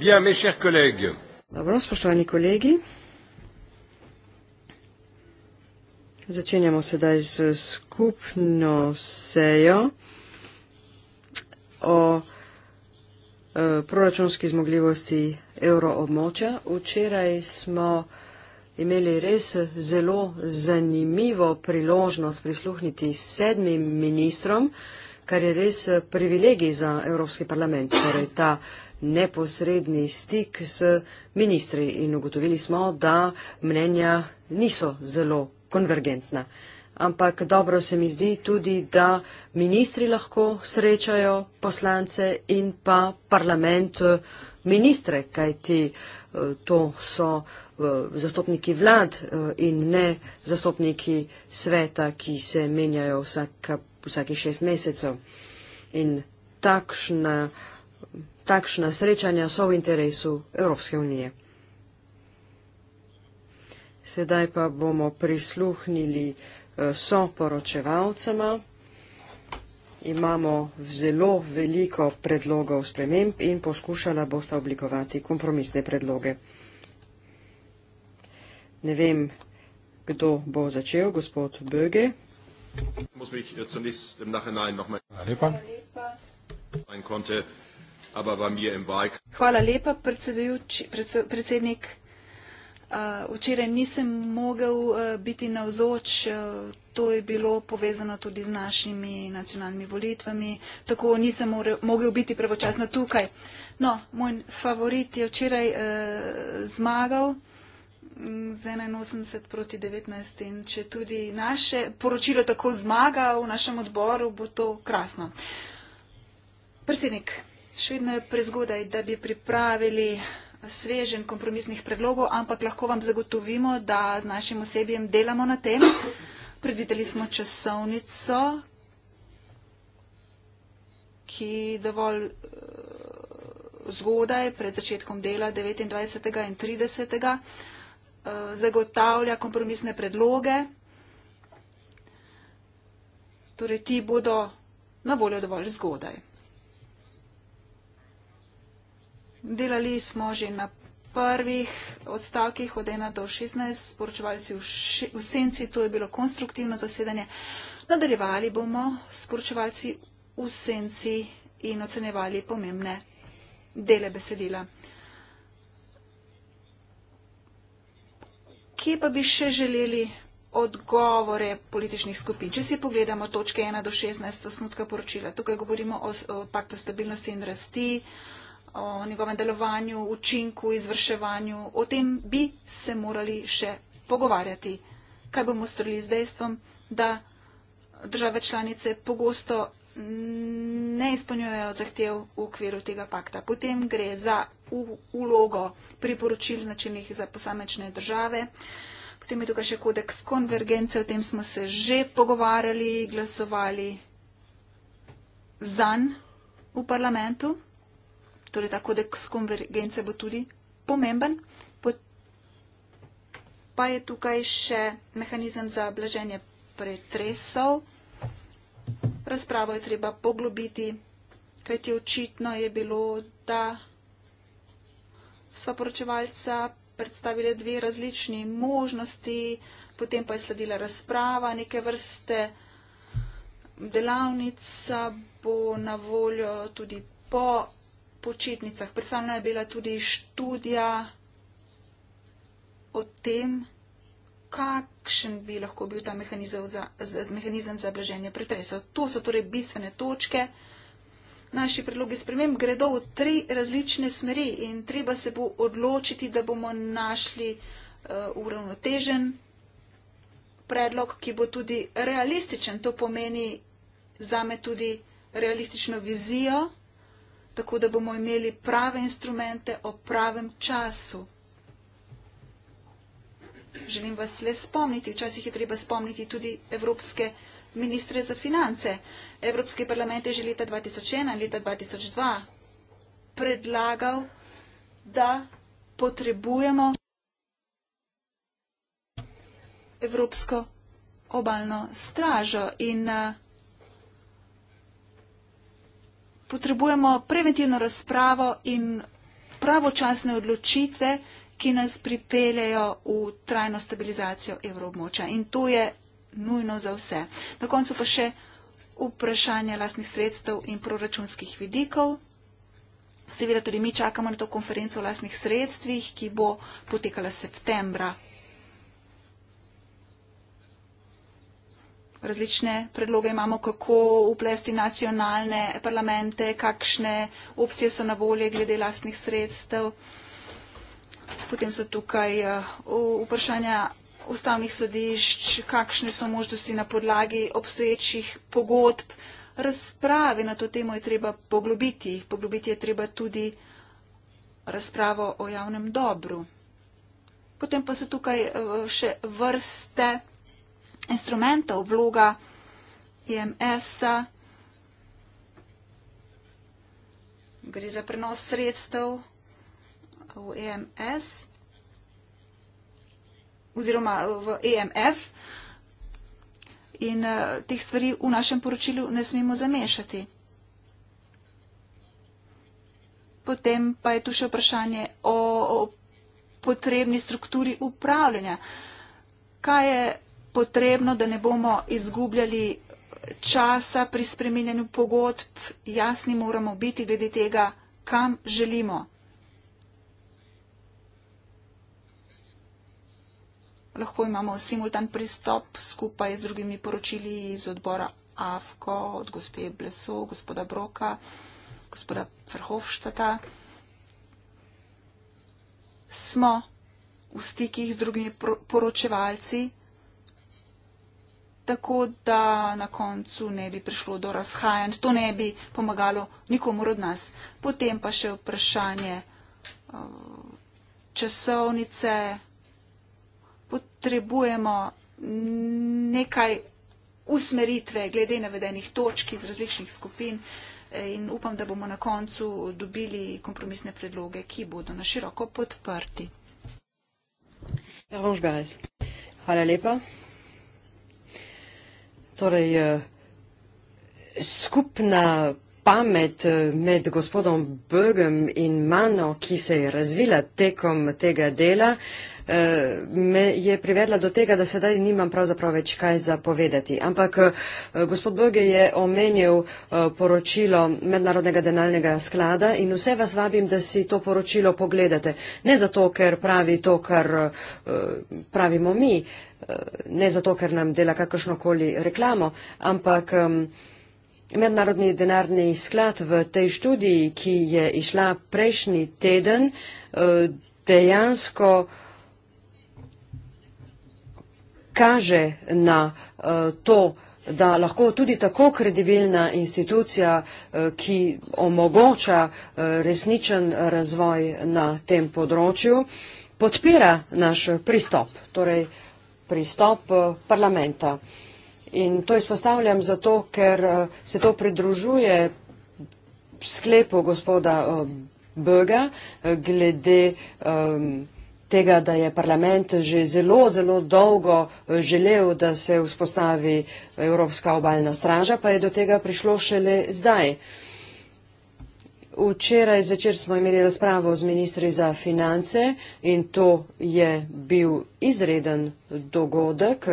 Bien, mes chers collègues. Dobro, spoštovani kolegi. Začenjamo sedaj z skupno sejo o e, proračunski zmogljivosti euroobmoča. Včeraj smo imeli res zelo zanimivo priložnost prisluhniti sedmim ministrom, kar je res privilegij za Evropski parlament. Torej, neposredni stik s ministri in ugotovili smo, da mnenja niso zelo konvergentna. Ampak dobro se mi zdi tudi, da ministri lahko srečajo poslance in pa parlament eh, ministre, kajti eh, to so eh, zastopniki vlad in ne zastopniki sveta, ki se menjajo vsaka, vsaki šest mesecev. In takšna takšna srečanja so v interesu Evropske unije. Sedaj pa bomo prisluhnili eh, soporočevalcema. Imamo zelo veliko predlogov sprememb in poskušala boste oblikovati kompromisne predloge. Ne vem, kdo bo začel, gospod Böge. Äh, Hvala lepa aber bei mir im Wahlkampf. Hvala lepa, predsednik. Včeraj nisem mogel biti na vzoč, to je bilo povezano tudi z našimi nacionalnimi volitvami, tako nisem mogel biti pravočasno tukaj. No, moj favorit je včeraj zmagal z 81 proti 19 in če tudi naše poročilo tako zmaga v našem odboru, bo to krasno. Prsenik še vedno je prezgodaj, da bi pripravili svežen kompromisnih predlogov, ampak lahko vam zagotovimo, da z našim osebjem delamo na tem. Predvideli smo časovnico, ki dovolj eh, zgodaj, pred začetkom dela 29. in 30. Eh, zagotavlja kompromisne predloge. Torej, ti bodo na voljo dovolj zgodaj. Delali smo že na prvih odstavkih od 1 do 16, sporočevalci v, še, v senci, to je bilo konstruktivno zasedanje. Nadaljevali bomo sporočevalci v senci in ocenjevali pomembne dele besedila. Kje pa bi še želeli odgovore političnih skupin? Če si pogledamo točke 1 do 16 osnutka poročila, tukaj govorimo o, o paktu stabilnosti in rasti, uh, o njegovem delovanju, učinku, izvrševanju, o tem bi se morali še pogovarjati. Kaj bomo storili z dejstvom, da države članice pogosto ne izpolnjujejo zahtev v okviru tega pakta. Potem gre za ulogo priporočil značilnih za posamečne države. Potem je tukaj še kodeks konvergence, o tem smo se že pogovarjali, glasovali zan v parlamentu torej ta kodeks konvergence bo tudi pomemben. Pa je tukaj še mehanizem za blaženje pretresov. Razpravo je treba poglobiti, kajti očitno je bilo, da sva poročevalca predstavili dve različni možnosti, potem pa je sledila razprava, neke vrste delavnica bo na voljo tudi po počitnicah. Predstavljena je bila tudi študija o tem, kakšen bi lahko bil ta mehanizem za, za, mehanizem za blaženje pretresa. To so torej bistvene točke. Naši predlogi sprememb gredo v tri različne smeri in treba se bo odločiti, da bomo našli uh, uravnotežen predlog, ki bo tudi realističen. To pomeni zame tudi realistično vizijo tako da bomo imeli prave instrumente ob pravem času. Želim vas le spomniti, včasih je treba spomniti tudi evropske ministre za finance. Evropski parlament je že leta 2001 in leta 2002 predlagal, da potrebujemo evropsko obalno stražo in uh, potrebujemo preventivno razpravo in pravočasne odločitve, ki nas pripeljejo v trajno stabilizacijo evroobmoča. In to je nujno za vse. Na koncu pa še vprašanje lastnih sredstev in proračunskih vidikov. Seveda tudi mi čakamo na to konferenco o lastnih sredstvih, ki bo potekala septembra različne predloge imamo, kako uplesti nacionalne parlamente, kakšne opcije so na volje glede lastnih sredstev. Potem so tukaj eh, vprašanja ustavnih sodišč, kakšne so možnosti na podlagi obstoječih pogodb. Razprave na to temo je treba poglobiti. Poglobiti je treba tudi razpravo o javnem dobru. Potem pa so tukaj eh, še vrste instrumentov, vloga IMS-a, e gre za prenos sredstev v EMS oziroma v EMF in uh, teh stvari v našem poročilu ne smemo zamešati. Potem pa je tu še vprašanje o, o potrebni strukturi upravljanja. Kaj je potrebno, da ne bomo izgubljali časa pri spreminjanju pogodb. Jasni moramo biti glede tega, kam želimo. Lahko imamo simultan pristop skupaj z drugimi poročili iz odbora AFKO, od gospe Bleso, gospoda Broka, gospoda Verhofštata. Smo v stikih z drugimi poročevalci, tako, da na koncu ne bi prišlo do razhajanj. To ne bi pomagalo nikomu od nas. Potem pa še vprašanje eh, časovnice. Potrebujemo nekaj usmeritve glede navedenih točk iz različnih skupin eh, in upam, da bomo na koncu dobili kompromisne predloge, ki bodo na široko podprti. Hvala lepa. Torej, eh, skupna pamet eh, med gospodom Bögem in mano, ki se je razvila tekom tega dela, eh, me je privedla do tega, da sedaj nimam pravzaprav več kaj zapovedati. Ampak gospod Böge je omenil poročilo Mednarodnega denarnega sklada in vse vas vabim, da si to poročilo pogledate. Ne zato, ker pravi to, kar pravimo mi, Eh, ne zato, ker nam dela kakršnokoli reklamo, ampak um, Mednarodni denarni sklad v tej študiji, ki je išla prejšnji teden, eh, dejansko kaže na eh, to, da lahko tudi tako kredibilna institucija, ki omogoča resničen razvoj na tem področju, podpira naš pristop. Torej, pristop eh, parlamenta. In to izpostavljam zato, ker eh, se to pridružuje sklepu gospoda eh, Böga glede ehm, tega, da je parlament že zelo, zelo dolgo želel, da se vzpostavi Evropska obaljna straža, pa je do tega prišlo šele zdaj. Včeraj zvečer smo imeli razpravo z ministri za finance in to je bil izreden dogodek.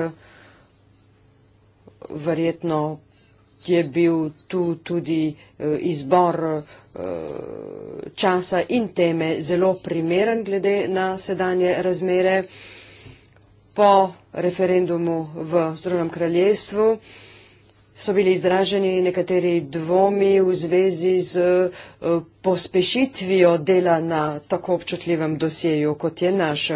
Verjetno je bil tu tudi eh, izbor eh, časa in teme zelo primeren glede na sedanje razmere po referendumu v Združenem kraljestvu so bili izraženi nekateri dvomi v zvezi z eh, pospešitvijo dela na tako občutljivem dosjeju, kot je naš.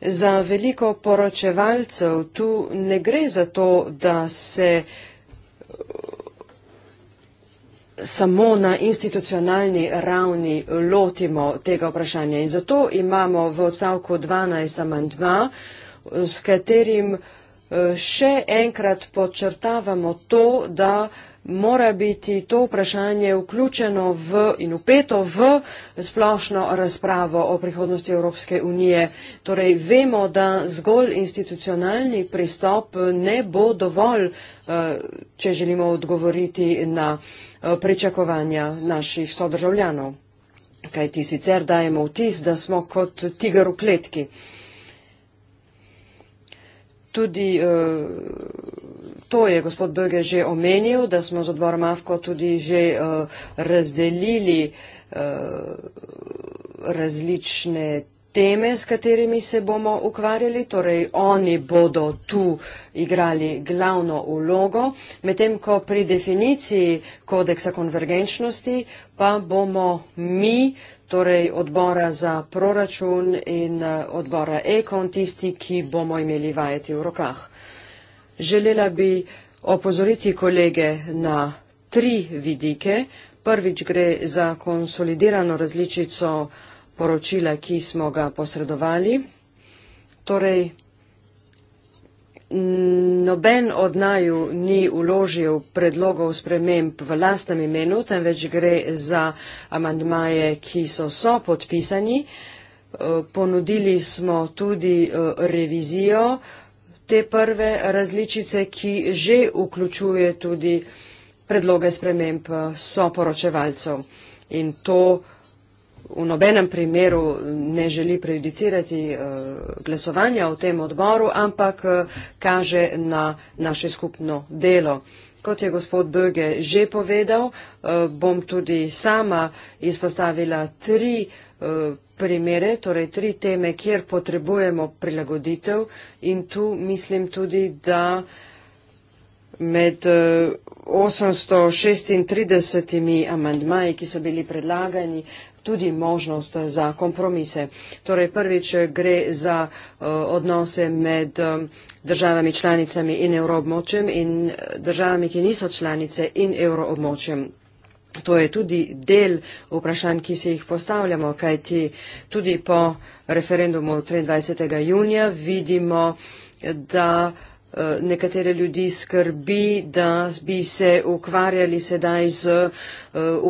Za veliko poročevalcev tu ne gre za to, da se eh, samo na institucionalni ravni lotimo tega vprašanja. In zato imamo v odstavku 12 amantma, s katerim uh, še enkrat podčrtavamo to, da mora biti to vprašanje vključeno v in upeto v splošno razpravo o prihodnosti Evropske unije. Torej, vemo, da zgolj institucionalni pristop ne bo dovolj, eh, če želimo odgovoriti na eh, pričakovanja naših sodržavljanov. Kaj ti sicer dajemo vtis, da smo kot tiger v kletki. Uh, Tudi eh, to je gospod Böge že omenil, da smo z odborom AFKO tudi že eh, razdelili eh, različne teme, s katerimi se bomo ukvarjali, torej oni bodo tu igrali glavno ulogo, medtem ko pri definiciji kodeksa konvergenčnosti pa bomo mi, torej odbora za proračun in eh, odbora ekon, tisti, ki bomo imeli vajeti v rokah. Želela bi opozoriti kolege na tri vidike. Prvič gre za konsolidirano različico poročila, ki smo ga posredovali. Torej, Noben od naju ni uložil predlogov sprememb v lastnem imenu, temveč gre za amandmaje, ki so so podpisani. Ponudili smo tudi eh, revizijo te prve različice, ki že vključuje tudi predloge sprememb eh, soporočevalcev. In to v nobenem primeru ne želi prejudicirati eh, glasovanja v tem odboru, ampak eh, kaže na naše skupno delo. Kot je gospod Böge že povedal, eh, bom tudi sama izpostavila tri primere, torej tri teme, kjer potrebujemo prilagoditev in tu mislim tudi, da med 836 amandmaji, ki so bili predlagani, tudi možnost za kompromise. Torej prvič gre za eh, odnose med eh, državami članicami in evroobmočjem in eh, državami, ki niso članice in evroobmočjem. To je tudi del vprašanj, ki se jih postavljamo, kajti tudi po referendumu 23. junija vidimo, da Eh, nekatere ljudi skrbi, da bi se ukvarjali sedaj z eh,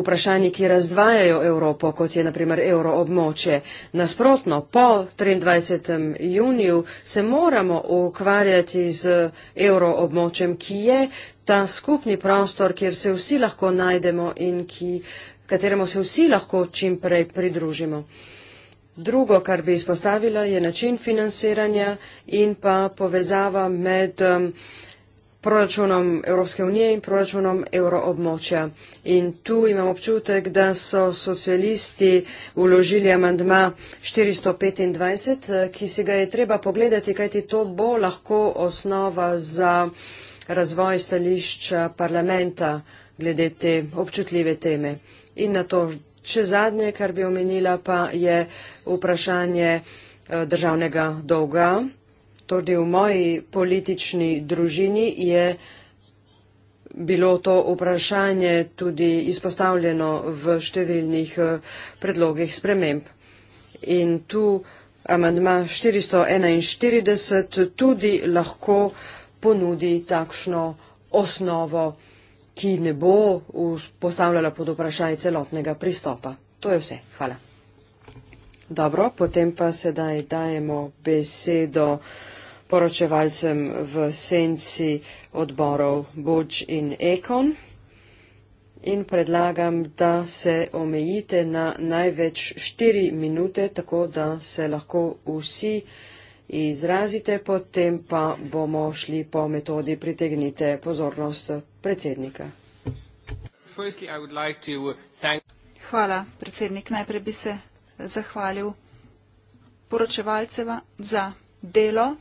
vprašanji, ki razdvajajo Evropo, kot je naprimer euroobmoče. Nasprotno, po 23. juniju se moramo ukvarjati z euroobmočem, ki je ta skupni prostor, kjer se vsi lahko najdemo in ki, kateremu se vsi lahko čimprej pridružimo. Uh, Drugo, kar bi izpostavila, je način financiranja in pa povezava med um, proračunom Evropske unije in proračunom euroobmočja. In tu imam občutek, da so socialisti uložili amandma 425, eh, ki se ga je treba pogledati, kajti to bo lahko osnova za razvoj stališča parlamenta glede te občutljive teme. In na to Še zadnje, kar bi omenila, pa je vprašanje eh, državnega dolga. Tudi v moji politični družini je bilo to vprašanje tudi izpostavljeno v številnih eh, predlogih sprememb. In tu amandma 441 tudi lahko ponudi takšno osnovo ki ne bo postavljala pod vprašanje celotnega pristopa. To je vse. Hvala. Dobro, potem pa sedaj dajemo besedo poročevalcem v senci odborov Boč in Ekon in predlagam, da se omejite na največ štiri minute, tako da se lahko vsi izrazite, potem pa bomo šli po metodi pritegnite pozornost predsednika. Uh, Hvala, predsednik. Najprej bi se zahvalil poročevalceva za delo.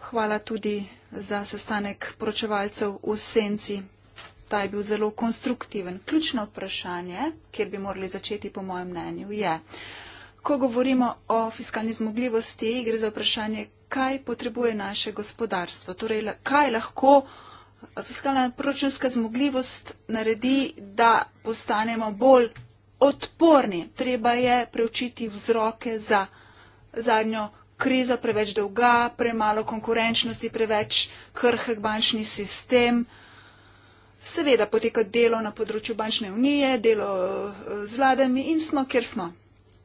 Hvala tudi za sestanek poročevalcev v senci. Ta je bil zelo konstruktiven. Ključno vprašanje, kjer bi morali začeti, po mojem mnenju, je. Yeah. Ko govorimo o fiskalni zmogljivosti, gre za vprašanje, kaj potrebuje naše gospodarstvo. Torej, kaj lahko fiskalna proračunska zmogljivost naredi, da postanemo bolj odporni. Treba je preučiti vzroke za zadnjo krizo, preveč dolga, premalo konkurenčnosti, preveč krhek bančni sistem. Seveda poteka delo na področju bančne unije, delo z vladami in smo, kjer smo.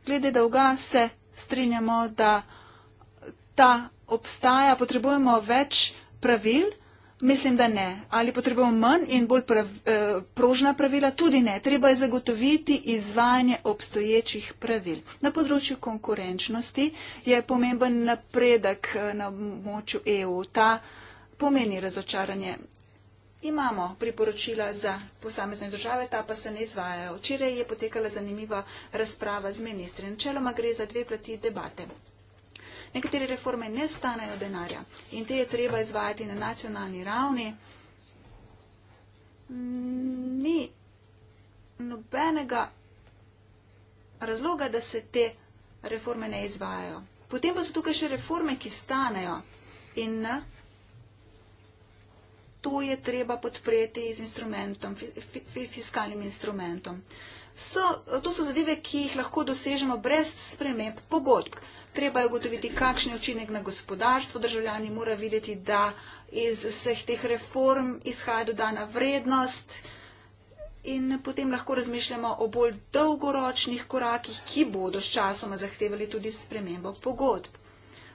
Glede dolga se strinjamo, da ta obstaja. Potrebujemo več pravil? Mislim, da ne. Ali potrebujemo manj in bolj prav, eh, prožna pravila? Tudi ne. Treba je zagotoviti izvajanje obstoječih pravil. Na področju konkurenčnosti je pomemben napredek eh, na območju EU. Ta pomeni razočaranje imamo priporočila za posamezne države, ta pa se ne izvajajo. Včeraj je potekala zanimiva razprava z ministri. Načeloma gre za dve plati debate. Nekatere reforme ne stanejo denarja in te je treba izvajati na nacionalni ravni. Ni nobenega razloga, da se te reforme ne izvajajo. Potem pa so tukaj še reforme, ki stanejo in To je treba podpreti z instrumentom, fiskalnim instrumentom. So, to so zadeve, ki jih lahko dosežemo brez sprememb pogodb. Treba je ugotoviti, kakšen je učinek na gospodarstvo. Državljani morajo videti, da iz vseh teh reform izhaja dodana vrednost in potem lahko razmišljamo o bolj dolgoročnih korakih, ki bodo s časoma zahtevali tudi spremembo pogodb.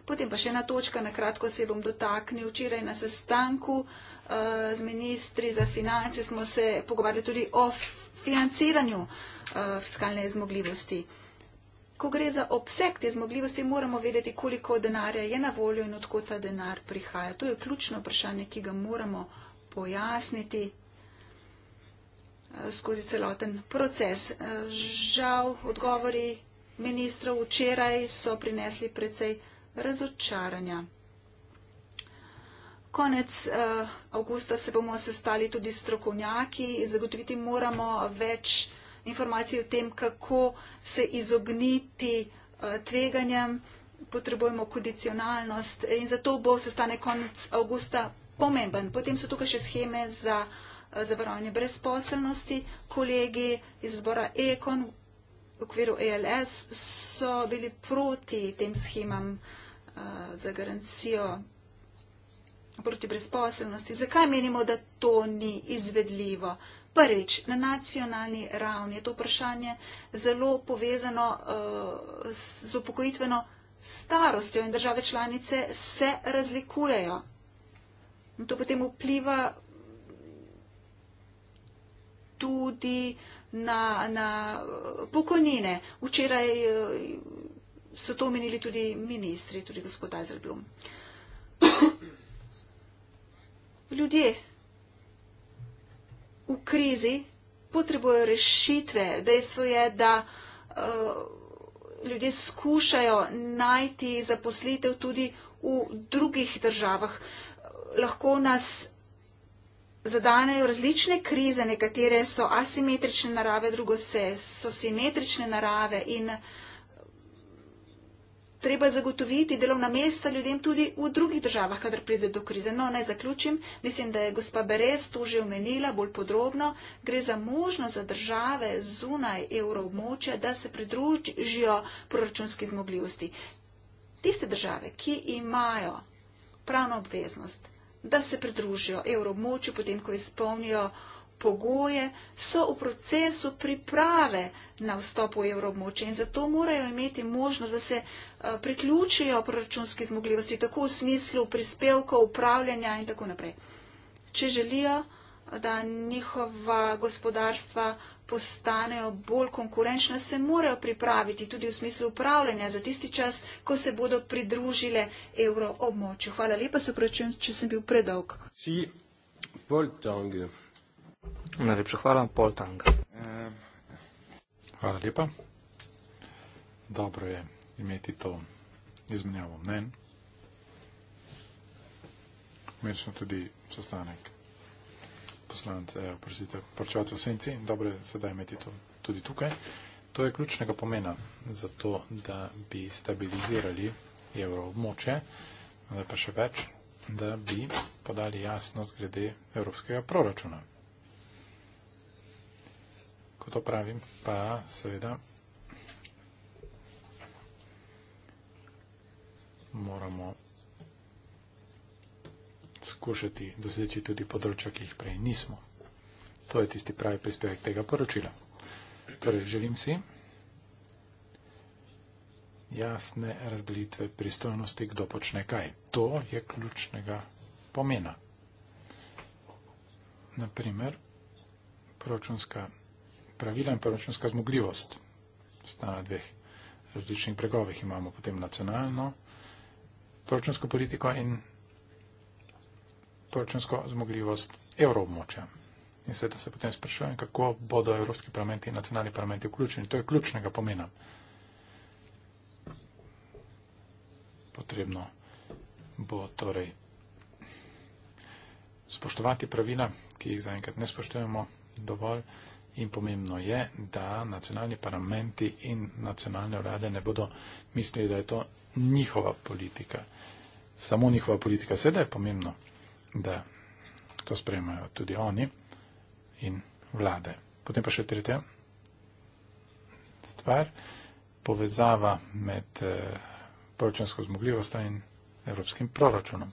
Potem pa še ena točka, na kratko se bom dotaknil včeraj na sestanku. Eh, z ministri za finance smo se pogovarjali tudi o financiranju eh, fiskalne zmogljivosti. Ko gre za obseg te zmogljivosti, moramo vedeti, koliko denarja je na voljo in odkot ta denar prihaja. To je ključno vprašanje, ki ga moramo pojasniti eh, skozi celoten proces. Žal, odgovori ministrov včeraj so prinesli precej razočaranja. Konec uh, avgusta se bomo sestali tudi strokovnjaki. Zagotoviti moramo več informacij o tem, kako se izogniti uh, tveganjem. Potrebujemo kondicionalnost in zato bo sestanek konec avgusta pomemben. Potem so tukaj še scheme za uh, zavarovanje brezposelnosti. Kolegi iz odbora Ekon v okviru ELS so bili proti tem schemam uh, za garancijo proti brezposelnosti. Zakaj menimo, da to ni izvedljivo? Prvič, na nacionalni ravni je to vprašanje zelo povezano uh, z upokojitveno starostjo in države članice se razlikujejo. In to potem vpliva tudi na, na eh, pokojnine. Včeraj eh, so to omenili tudi ministri, tudi gospod Azerblum. Uh, ljudje v krizi potrebujejo rešitve. Dejstvo je, da uh, ljudje skušajo najti zaposlitev tudi v drugih državah. Lahko nas zadanejo različne krize, nekatere so asimetrične narave, drugo se, so simetrične narave in uh, treba zagotoviti delovna mesta ljudem tudi v drugih državah, kadar pride do krize. No, naj zaključim. Mislim, da je gospa Berez to že omenila bolj podrobno. Gre za možnost za države zunaj evroobmočja, da se pridružijo proračunski zmogljivosti. Tiste države, ki imajo pravno obveznost, da se pridružijo evroobmočju, potem ko izpolnijo pogoje, so v procesu priprave na vstop v evroobmočje in zato morajo imeti možnost, da se eh, priključijo proračunski zmogljivosti, tako v smislu prispevkov, upravljanja in tako naprej. Če želijo, da njihova gospodarstva postanejo bolj konkurenčna, se morajo pripraviti tudi v smislu upravljanja za tisti čas, ko se bodo pridružile evroobmočju. Hvala lepa, se upravičujem, če sem bil predolg. Si, Paul Tang. Najlepša hvala, Paul Tang. Hvala lepa. Dobro je imeti to izmenjavo mnen. Mečno tudi sestanek poslancev eh, senci. Dobro je sedaj imeti to tudi tukaj. To je ključnega pomena za to, da bi stabilizirali evroobmoče, da pa še več, da bi podali jasnost glede evropskega proračuna ko to pravim, pa seveda moramo skušati doseči tudi področja, ki jih prej nismo. To je tisti pravi prispevek tega poročila. Torej, želim si jasne razdelitve pristojnosti, kdo počne kaj. To je ključnega pomena. Naprimer, proračunska pravila in proračunska zmogljivost. Sta na dveh različnih bregovih. Imamo potem nacionalno proračunsko politiko in proračunsko zmogljivost evroobmočja. In sveto se potem sprašujem, kako bodo evropski parlamenti in nacionalni parlamenti vključeni. To je ključnega pomena. Potrebno bo torej spoštovati pravila, ki jih zaenkrat ne spoštujemo dovolj in pomembno je, da nacionalni parlamenti in nacionalne vlade ne bodo mislili, da je to njihova politika. Samo njihova politika. Sedaj je pomembno, da to sprejmajo tudi oni in vlade. Potem pa še tretja stvar, povezava med eh, proračunsko zmogljivostjo in evropskim proračunom.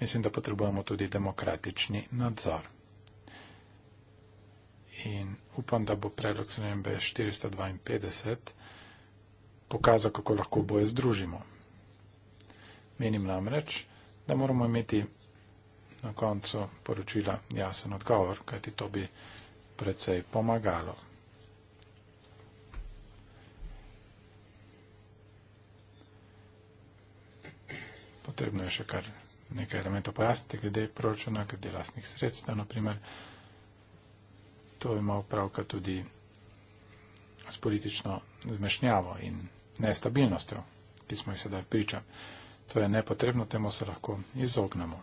Mislim, da potrebujemo tudi demokratični nadzor. In upam, da bo predlog spremembe 452 pokazal, kako lahko boje združimo. Menim namreč, da moramo imeti na koncu poročila jasen odgovor, kajti to bi predvsej pomagalo. Potrebno je še kar nekaj elementov pojasniti, glede proračuna, glede lastnih sredstev, naprimer. primer to ima upravka tudi s politično zmešnjavo in nestabilnostjo, ki smo jih sedaj priča. To je nepotrebno, temu se lahko izognemo.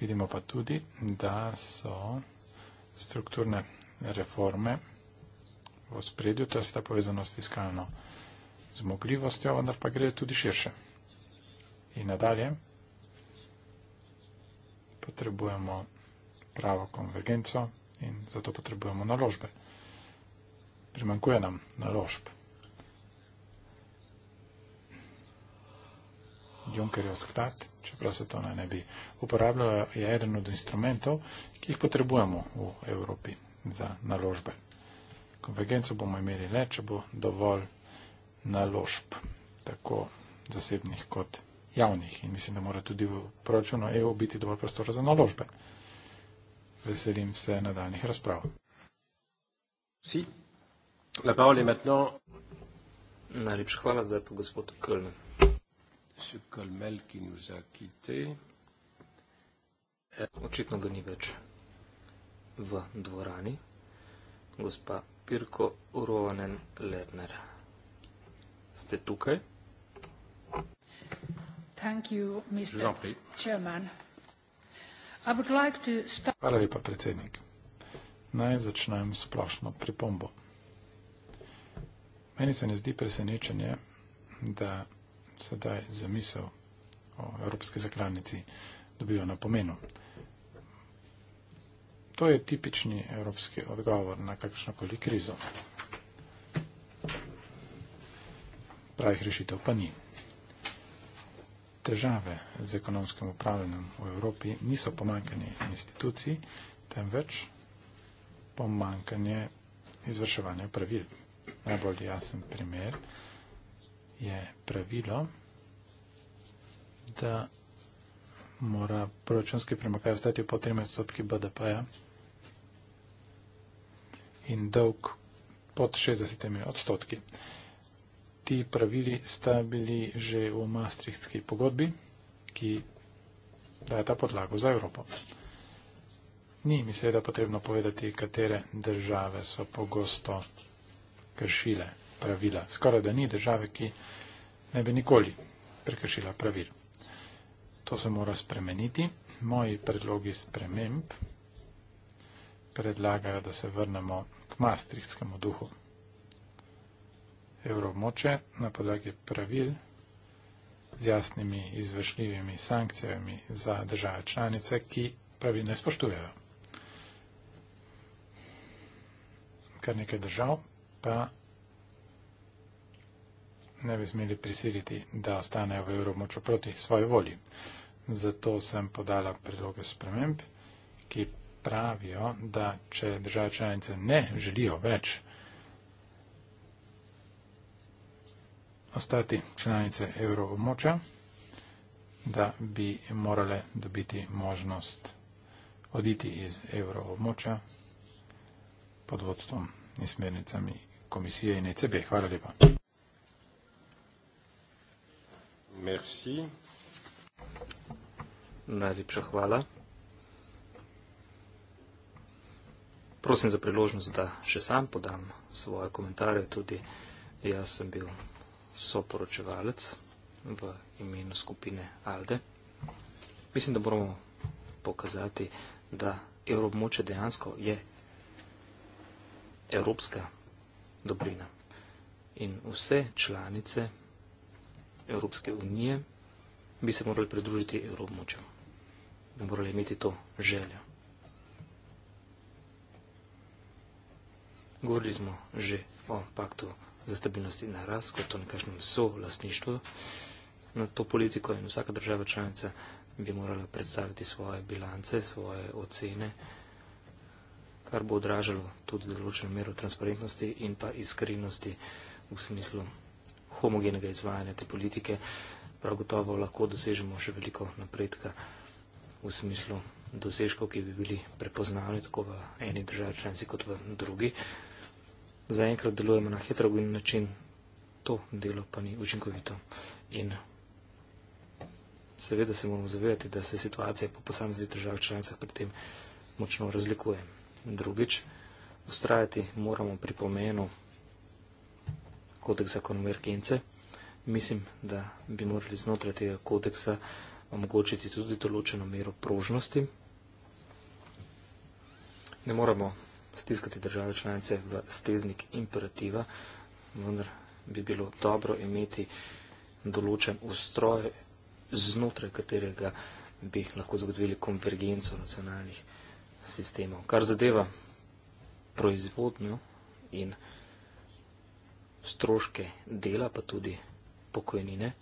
Vidimo pa tudi, da so strukturne reforme v spredju, to je sta povezano s fiskalno zmogljivostjo, vendar pa gre tudi širše. In nadalje potrebujemo pravo konvergenco, in zato potrebujemo naložbe. Primankuje nam naložb. Junkerjev sklad, čeprav se to naj ne bi uporabljal, je eden od instrumentov, ki jih potrebujemo v Evropi za naložbe. Konvergenco bomo imeli le, če bo dovolj naložb, tako zasebnih kot javnih. In mislim, da mora tudi v proračunu EU biti dovolj prostora za naložbe veselim se nadaljnih razprav. Si. La parole est maintenant. Najlepša hvala za to, gospod Kölner. Monsieur Kölner, ki nous a quitté. Očitno ga ni več v dvorani. Gospa Pirko Rovanen Lerner. Ste tukaj? Thank you, Mr. Chairman. Hvala lepa, predsednik. Naj začnem splošno pripombo. Meni se ne zdi presenečenje, da sedaj zamisel o Evropski zakladnici dobijo na pomenu. To je tipični evropski odgovor na kakšno koli krizo. Pravih rešitev pa ni težave z ekonomskim upravljanjem v Evropi niso pomankanje institucij, temveč pomankanje izvrševanja pravil. Najbolj jasen primer je pravilo, da mora proračunski premakaj ostati po 3 odstotki BDP-ja in dolg pod 60 odstotki ti pravili sta bili že v Maastrichtski pogodbi, ki daje ta podlago za Evropo. Ni mi seveda potrebno povedati, katere države so pogosto kršile pravila. Skoraj da ni države, ki ne bi nikoli prekršila pravil. To se mora spremeniti. Moji predlogi sprememb predlagajo, da se vrnemo k Maastrichtskemu duhu evroobmoče na podlagi pravil z jasnimi izvršljivimi sankcijami za države članice, ki pravil ne spoštujejo. Kar nekaj držav pa ne bi smeli prisiliti, da ostanejo v evroobmoču proti svoji volji. Zato sem podala predloge sprememb, ki pravijo, da če države članice ne želijo več ostati članice evroobmoča, da bi morale dobiti možnost oditi iz evroobmoča pod vodstvom in smernicami komisije in ECB. Hvala lepa. Merci. Najlepša hvala. Prosim za priložnost, da še sam podam svoje komentarje. Tudi jaz sem bil soporočevalec v imenu skupine Alde. Mislim, da moramo pokazati, da evroobmoče dejansko je evropska dobrina. In vse članice Evropske unije bi se morali pridružiti evroobmočem. Bi morali imeti to željo. Govorili smo že o paktu Evropske unije za stabilnost in rast, kot to nekakšno so lastništvo nad to politiko in vsaka država članica bi morala predstaviti svoje bilance, svoje ocene, kar bo odražalo tudi določeno mero transparentnosti in pa iskrenosti v smislu homogenega izvajanja te politike. Prav gotovo lahko dosežemo še veliko napredka v smislu dosežkov, ki bi bili prepoznavni tako v eni državi članici kot v drugi zaenkrat delujemo na heterogen način, to delo pa ni učinkovito. In seveda se moramo zavedati, da se situacija po posameznih državah članicah pri tem močno razlikuje. Drugič, ustrajati moramo pri pomenu kodeksa konvergence. Mislim, da bi morali znotraj tega kodeksa omogočiti tudi določeno mero prožnosti. Ne moramo stiskati države članice v steznik imperativa, vendar bi bilo dobro imeti določen ustroj, znotraj katerega bi lahko zagotovili konvergenco nacionalnih sistemov. Kar zadeva proizvodnjo in stroške dela, pa tudi pokojnine,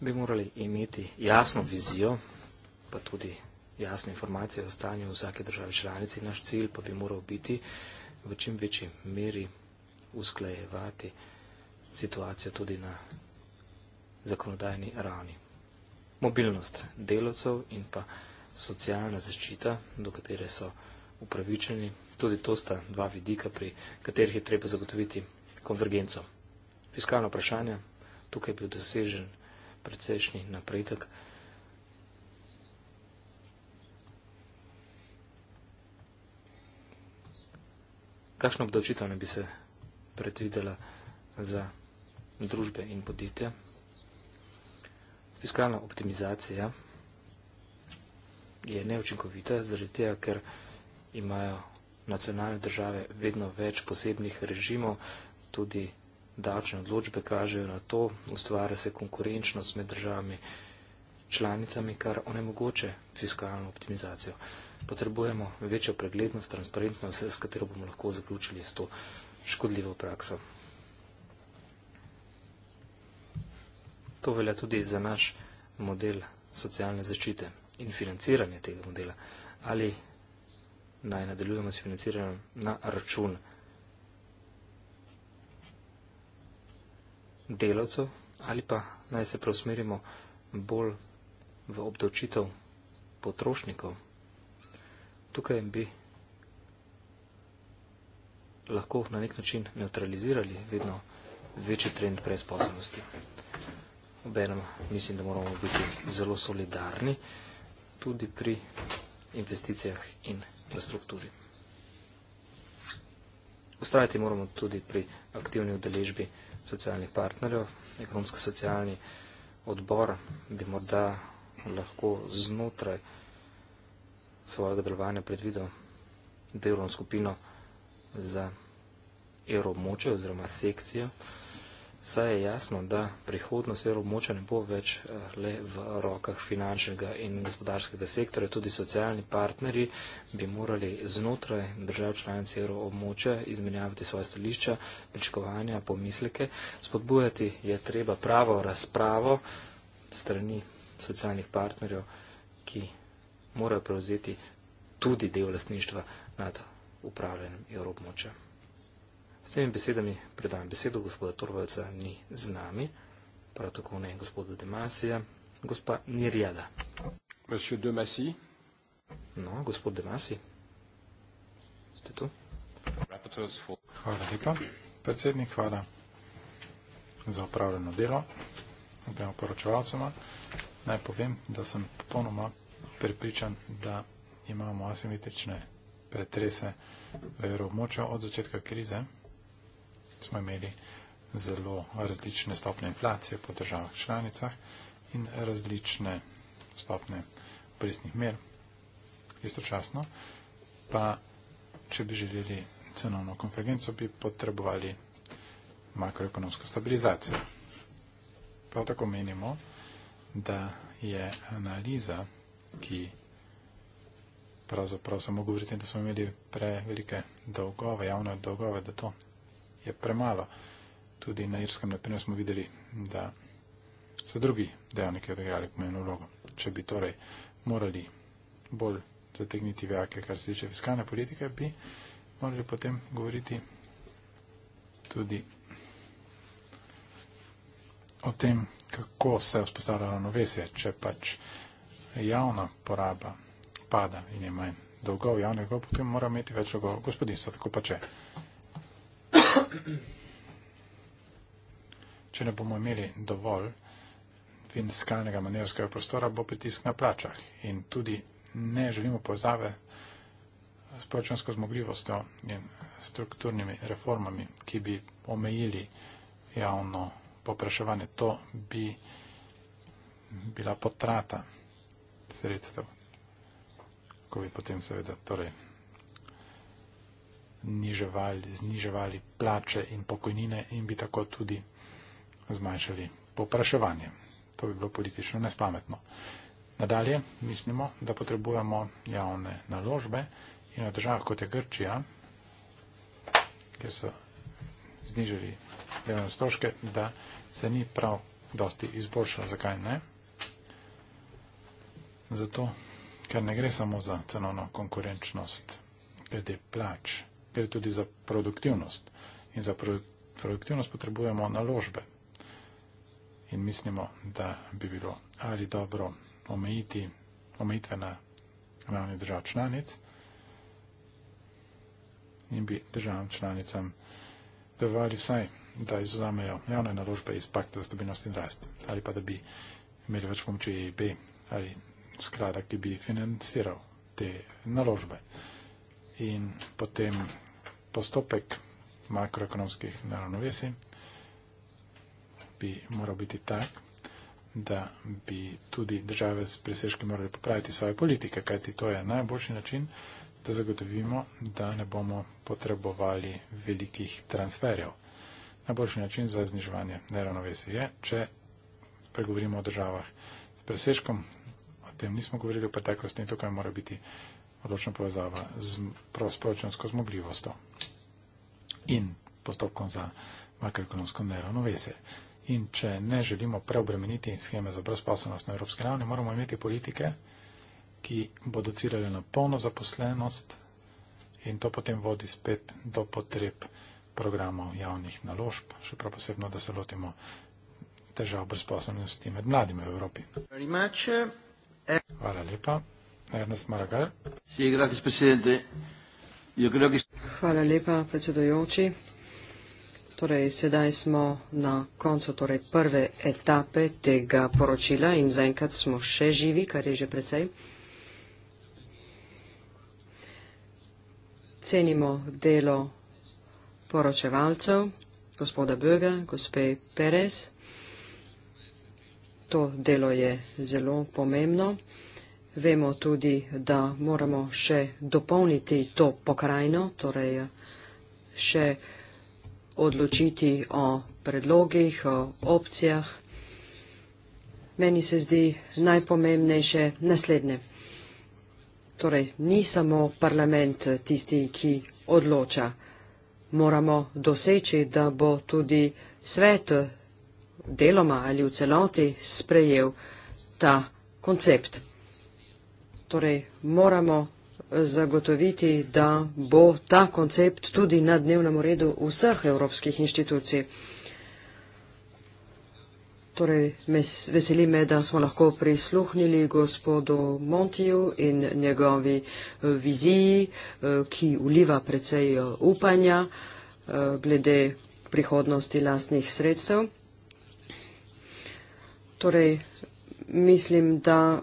bi morali imeti jasno vizijo, pa tudi jasne informacije o stanju v vsake državi članici. Naš cilj pa bi moral biti v čim večji meri usklajevati situacijo tudi na zakonodajni ravni. Mobilnost delovcev in pa socialna zaščita, do katere so upravičeni, tudi to sta dva vidika, pri katerih je treba zagotoviti konvergenco. Fiskalno vprašanje, tukaj je bil dosežen precejšnji napredek. kakšno obdavčitev ne bi se predvidela za družbe in podjetja, fiskalna optimizacija je neučinkovita, zaradi tega, ker imajo nacionalne države vedno več posebnih režimov, tudi davčne odločbe kažejo na to, ustvarja se konkurenčnost med državami članicami, kar onemogoče fiskalno optimizacijo potrebujemo večjo preglednost, transparentnost, s katero bomo lahko zaključili s to škodljivo prakso. To velja tudi za naš model socialne zaščite in financiranje tega modela. Ali naj nadaljujemo s financiranjem na račun delavcev ali pa naj se preusmerimo bolj v obdavčitev potrošnikov tukaj bi lahko na nek način neutralizirali vedno večji trend preizposobnosti. Obenem mislim, da moramo biti zelo solidarni tudi pri investicijah in na strukturi. Ustrajati moramo tudi pri aktivni udeležbi socialnih partnerjev. Ekonomsko-socialni odbor bi morda lahko znotraj odbor svojega delovanja predvidel delovno skupino za evroobmočje oziroma sekcijo, saj je jasno, da prihodnost evroobmočja ne bo več eh, le v rokah finančnega in gospodarskega sektora, tudi socialni partneri bi morali znotraj držav članic evroobmočja izmenjavati svoje stališča, pričakovanja, pomisleke, spodbujati je treba pravo razpravo strani socialnih partnerjev, ki morajo prevzeti tudi del lasništva nad upravljanjem evropmoča. S temi besedami predam besedo gospoda Torvalca ni z nami, prav tako ne gospoda Demasija, gospa Nirjada. No, gospod Demasi, ste tu? Hvala lepa, predsednik, hvala za upravljeno delo, obema poročevalcema. Naj povem, da sem popolnoma prepričan, da imamo asimetrične pretrese v evroobmočju. Od začetka krize smo imeli zelo različne stopne inflacije po državah članicah in različne stopne obrestnih mer. Istočasno pa, če bi želeli cenovno konvergenco, bi potrebovali makroekonomsko stabilizacijo. Prav tako menimo, da je analiza ki pravzaprav samo govorite, da smo imeli prevelike dolgove, javne dolgove, da to je premalo. Tudi na Irskem, naprimer, smo videli, da so drugi dejavniki odigrali pomembno vlogo. Če bi torej morali bolj zategniti vejake, kar se tiče fiskalne politike, bi morali potem govoriti tudi o tem, kako se je vzpostavljalo ravnovesje, če pač javna poraba pada in je manj dolgov javnih, potem mora imeti več dolgov gospodinstva. Tako pa če. Če ne bomo imeli dovolj fiskalnega manevrskega prostora, bo pritisk na plačah in tudi ne želimo povezave s proračunsko zmogljivostjo in strukturnimi reformami, ki bi omejili javno popraševanje. To bi bila potrata sredstev, ko bi potem seveda torej niževali, zniževali plače in pokojnine in bi tako tudi zmanjšali popraševanje. To bi bilo politično nespametno. Nadalje mislimo, da potrebujemo javne naložbe in v državah kot je Grčija, kjer so znižili delovne stroške, da se ni prav dosti izboljšalo. Zakaj ne? Zato, ker ne gre samo za cenovno konkurenčnost glede plač, gre tudi za produktivnost. In za produktivnost potrebujemo naložbe. In mislimo, da bi bilo ali dobro omejiti omejitve na ravni držav članic in bi državam članicam dovali vsaj, da izuzamejo javne naložbe iz pakta za stabilnost in rast ali pa da bi imeli več pomoči EIB ali sklada, ki bi financiral te naložbe. In potem postopek makroekonomskih naravnovesij bi moral biti tak, da bi tudi države s presežki morali popraviti svoje politike, kajti to je najboljši način, da zagotovimo, da ne bomo potrebovali velikih transferjev. Najboljši način za zniževanje neravnovesij je, če pregovorimo o državah s preseškom tem nismo govorili v preteklosti in tukaj mora biti odločna povezava z proračunsko zmogljivostjo in postopkom za makroekonomsko neravnovesje. In če ne želimo preobremeniti scheme za brezposobnost na evropski ravni, moramo imeti politike, ki bodo ciljale na polno zaposlenost in to potem vodi spet do potreb programov javnih naložb, še prav posebno, da se lotimo težav brezposobnosti med mladimi v Evropi. Hvala lepa. Ernest Maragar. Sí, gracias, presidente. Yo creo que... Hvala lepa, predsedujoči. Torej, sedaj smo na koncu torej, prve etape tega poročila in zaenkrat smo še živi, kar je že precej. Cenimo delo poročevalcev, gospoda Böge, gospe Perez to delo je zelo pomembno. Vemo tudi, da moramo še dopolniti to pokrajino, torej še odločiti o predlogih, o opcijah. Meni se zdi najpomembnejše naslednje. Torej, ni samo parlament tisti, ki odloča. Moramo doseči, da bo tudi svet deloma ali v celoti sprejel ta koncept. Torej, moramo zagotoviti, da bo ta koncept tudi na dnevnem redu vseh evropskih inštitucij. Torej, veseli me, da smo lahko prisluhnili gospodu Montiju in njegovi eh, viziji, eh, ki uliva precej eh, upanja glede prihodnosti lastnih sredstev. Torej, mislim, da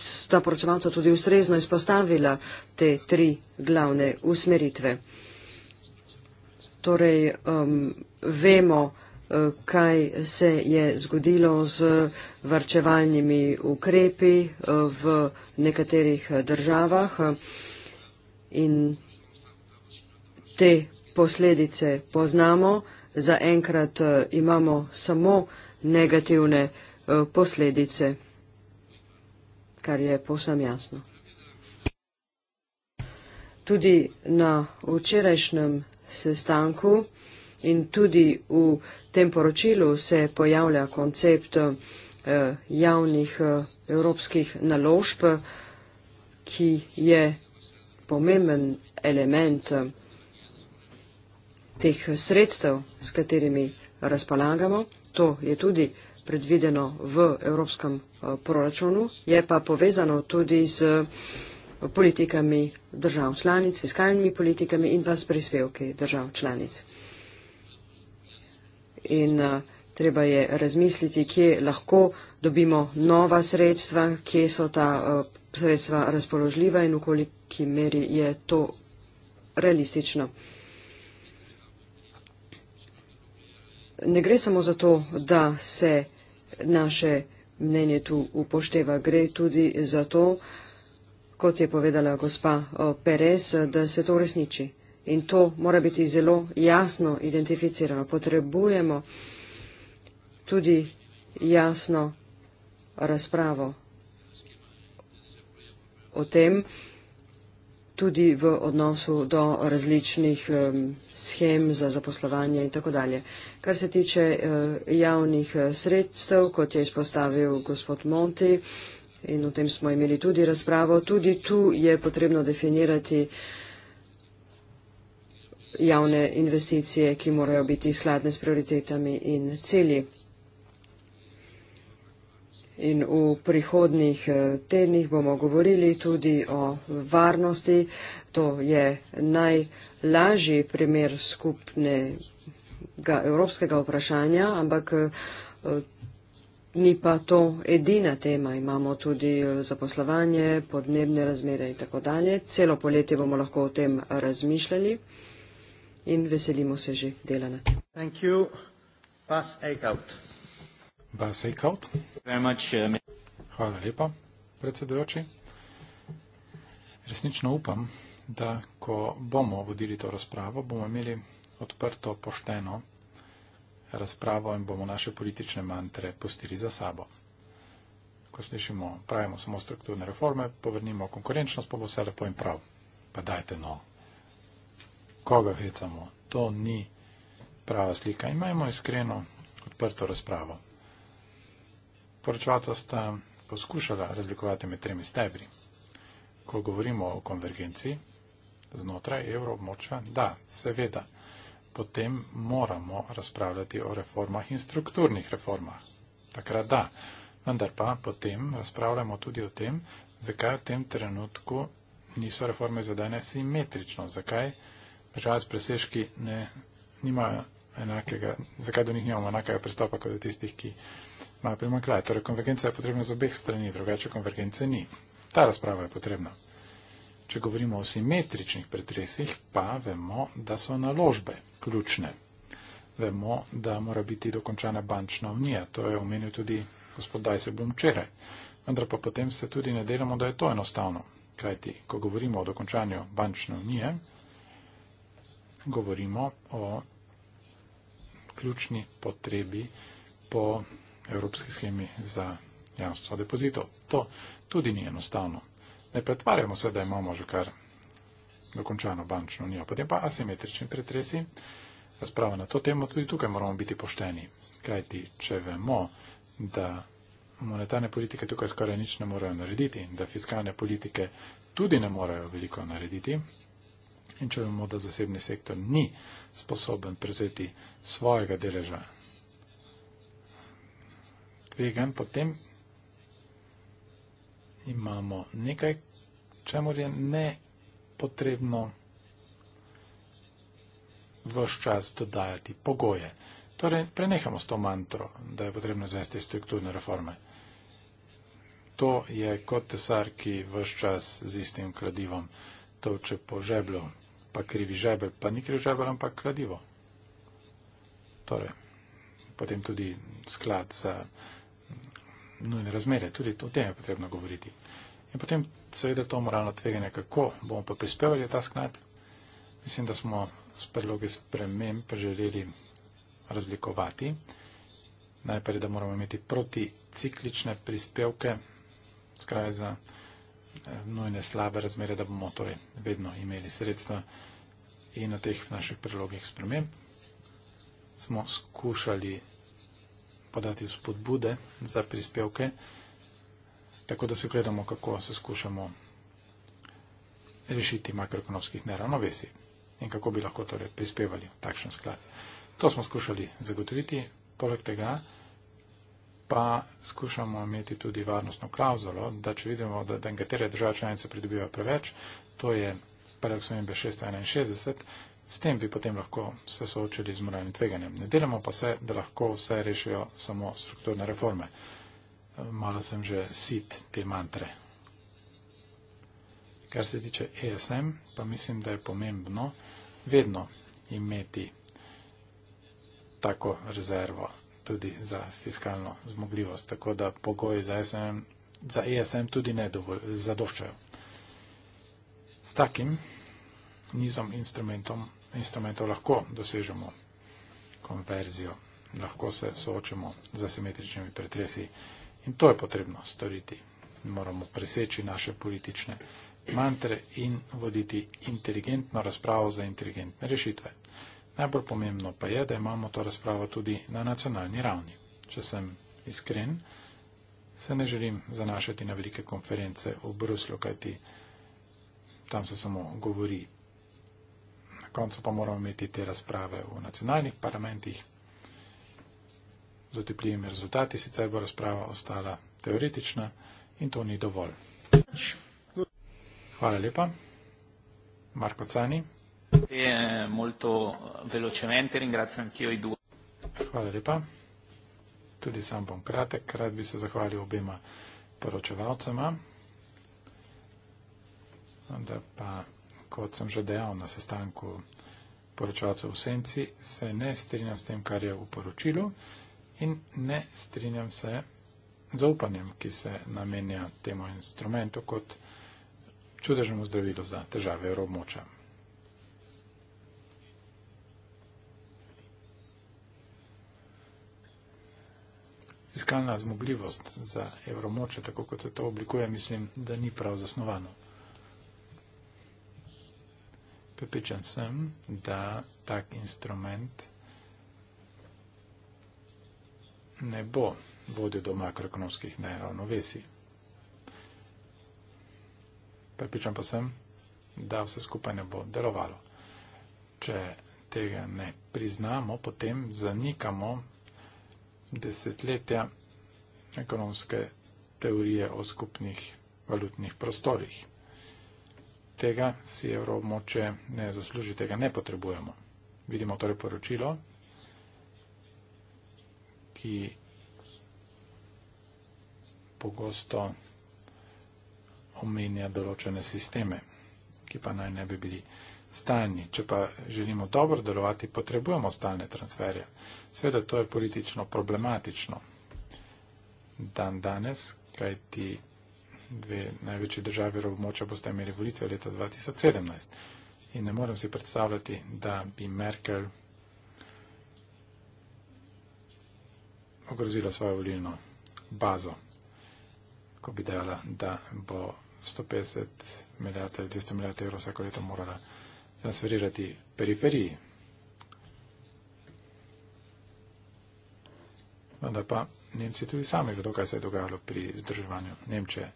sta poročevalca tudi ustrezno izpostavila te tri glavne usmeritve. Torej, um, vemo, uh, kaj se je zgodilo z varčevalnimi ukrepi uh, v nekaterih državah uh, in te posledice poznamo. Za enkrat imamo samo negativne uh, Eh, posledice, kar je posam jasno. Tudi na včerajšnjem sestanku in tudi v tem poročilu se pojavlja koncept eh, javnih eh, evropskih naložb, ki je pomemben element teh sredstev, s katerimi razpolagamo. To je tudi predvideno v evropskem eh, proračunu, je pa povezano tudi z politikami držav članic, fiskalnimi politikami in pa s prispevki držav članic. In eh, treba je razmisliti, kje lahko dobimo nova sredstva, kje so ta eh, sredstva razpoložljiva in v koliki meri je to realistično. Ne gre samo za to, da se vsega, naše mnenje tu upošteva. Gre tudi za to, kot je povedala gospa Perez, da se to uresniči. In to mora biti zelo jasno identificirano. Potrebujemo tudi jasno razpravo o tem, tudi v odnosu do različnih schem za zaposlovanje in tako dalje. Kar se tiče eh, javnih eh, sredstev, kot je izpostavil gospod Monti in o tem smo imeli tudi razpravo, tudi tu je potrebno definirati javne investicije, ki morajo biti skladne s prioritetami in cilji. In v prihodnih eh, tednih bomo govorili tudi o varnosti. To je najlažji primer skupnega evropskega vprašanja, ampak eh, ni pa to edina tema. Imamo tudi eh, zaposlovanje, podnebne razmere in tako dalje. Celo poletje bomo lahko o tem razmišljali in veselimo se že dela na tem. Bas Eickhout. Uh, Hvala lepa, predsedujoči. Resnično upam, da ko bomo vodili to razpravo, bomo imeli odprto, pošteno razpravo in bomo naše politične mantre pustili za sabo. Ko slišimo, pravimo samo strukturne reforme, povrnimo konkurenčnost, pa bo vse lepo in prav. Pa dajte no. Koga hecamo? To ni prava slika. Imajmo iskreno odprto razpravo. Poročvata sta poskušala razlikovati med tremi stebri. Ko govorimo o konvergenci znotraj evroobmočja, da, seveda, potem moramo razpravljati o reformah in strukturnih reformah. Takrat da, vendar pa potem razpravljamo tudi o tem, zakaj v tem trenutku niso reforme zadane simetrično, zakaj države s presežki ne, nima enakega, zakaj do njih nimamo enakega pristopa kot do tistih, ki Malo primankljaj. Torej, konvergenca je potrebna z obeh strani, drugače konvergence ni. Ta razprava je potrebna. Če govorimo o simetričnih pretresih, pa vemo, da so naložbe ključne. Vemo, da mora biti dokončana bančna unija. To je omenil tudi gospod Dajseblom včeraj. Vendar pa potem se tudi ne delamo, da je to enostavno. Kajti, ko govorimo o dokončanju bančne unije, govorimo o ključni potrebi po evropski schemi za jamstva depozitov. To tudi ni enostavno. Ne pretvarjamo se, da imamo že kar dokončano bančno unijo, potem pa asimetrični pretresi. Razprava na to temo tudi tukaj moramo biti pošteni. Kajti, če vemo, da monetarne politike tukaj skoraj nič ne morejo narediti in da fiskalne politike tudi ne morejo veliko narediti in če vemo, da zasebni sektor ni sposoben prevzeti svojega deleža tvegan, potem imamo nekaj, čemur je ne potrebno vse čas dodajati pogoje. Torej, prenehamo s to mantro, da je potrebno izvesti strukturne reforme. To je kot tesar, ki vse čas z istim kladivom toče po žeblju, pa krivi žebel, pa ni krivi žebel, ampak kladivo. Torej, potem tudi sklad za nujne razmere. Tudi o tem je potrebno govoriti. In potem seveda to moralno tveganje, kako bomo pa prispevali ta sklad. Mislim, da smo s predloge sprememb želeli razlikovati. Najprej, da moramo imeti proticiklične prispevke, skraj za eh, nujne slabe razmere, da bomo torej vedno imeli sredstva. In na teh naših predlogih sprememb smo skušali podati vzpodbude za prispevke, tako da se gledamo, kako se skušamo rešiti makroekonomskih neravnovesij in kako bi lahko torej prispevali v takšen sklad. To smo skušali zagotoviti, poleg tega pa skušamo imeti tudi varnostno klauzulo, da če vidimo, da, da nekatere države članice pridobivajo preveč, to je predvsem 661, S tem bi potem lahko se soočili z moralnim tveganjem. Ne delamo pa se, da lahko vse rešijo samo strukturne reforme. Malo sem že sit te mantre. Kar se tiče ESM, pa mislim, da je pomembno vedno imeti tako rezervo tudi za fiskalno zmogljivost, tako da pogoji za ESM, za ESM tudi ne dovolj, zadoščajo. S takim nizom instrumentom, instrumentov lahko dosežemo konverzijo, lahko se soočamo z asimetričnimi pretresi in to je potrebno storiti. Moramo preseči naše politične mantre in voditi inteligentno razpravo za inteligentne rešitve. Najbolj pomembno pa je, da imamo to razpravo tudi na nacionalni ravni. Če sem iskren, se ne želim zanašati na velike konference v Bruslu, kajti tam se samo govori koncu pa moramo imeti te razprave v nacionalnih parlamentih. Z otepljivimi rezultati sicer bo razprava ostala teoretična in to ni dovolj. Hvala lepa. Marko Cani. E, Hvala lepa. Tudi sam bom kratek. Rad bi se zahvalil obema poročevalcema. Onda pa kot sem že dejal na sestanku poročevalcev v Senci, se ne strinjam s tem, kar je v poročilu in ne strinjam se z upanjem, ki se namenja temu instrumentu kot čudežnemu zdravilu za težave evromoča. Fiskalna zmogljivost za evromoče, tako kot se to oblikuje, mislim, da ni prav zasnovano. Prepričan sem, da tak instrument ne bo vodil do makroekonomskih neravnovesij. Prepričan pa sem, da vse skupaj ne bo delovalo. Če tega ne priznamo, potem zanikamo desetletja ekonomske teorije o skupnih valutnih prostorih. Tega si evroobmoče ne zasluži, tega ne potrebujemo. Vidimo torej poročilo, ki pogosto omenja določene sisteme, ki pa naj ne bi bili stalni. Če pa želimo dobro delovati, potrebujemo stalne transferje. Sveda to je politično problematično dan danes, kajti dve največji državi območja boste imeli volitve leta 2017. In ne morem si predstavljati, da bi Merkel ogrozila svojo volilno bazo, ko bi dejala, da bo 150 milijard ali 200 milijard evrov vsako leto morala transferirati periferiji. Vendar pa Nemci tudi sami vedo, kaj se je dogajalo pri združevanju Nemčeje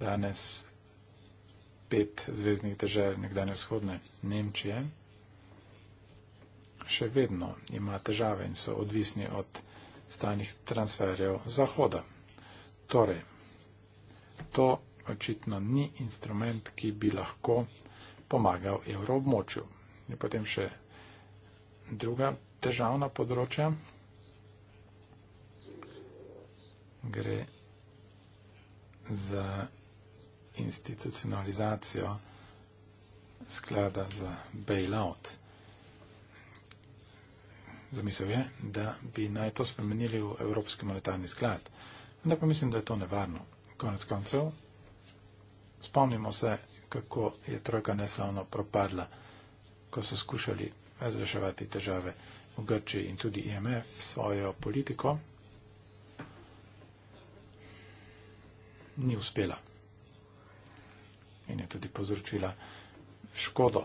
danes pet zvezdnih držav nekdanje vzhodne Nemčije, še vedno ima težave in so odvisni od stanih transferjev Zahoda. Torej, to očitno ni instrument, ki bi lahko pomagal evroobmočju. Je potem še druga težavna področja. Gre za institucionalizacijo sklada za bailout. Zamisel je, da bi naj to spremenili v Evropski monetarni sklad. Vendar pa mislim, da je to nevarno. Konec koncev, spomnimo se, kako je trojka neslavno propadla, ko so skušali razreševati težave v Grčiji in tudi IMF svojo politiko. Ni uspela in je tudi povzročila škodo,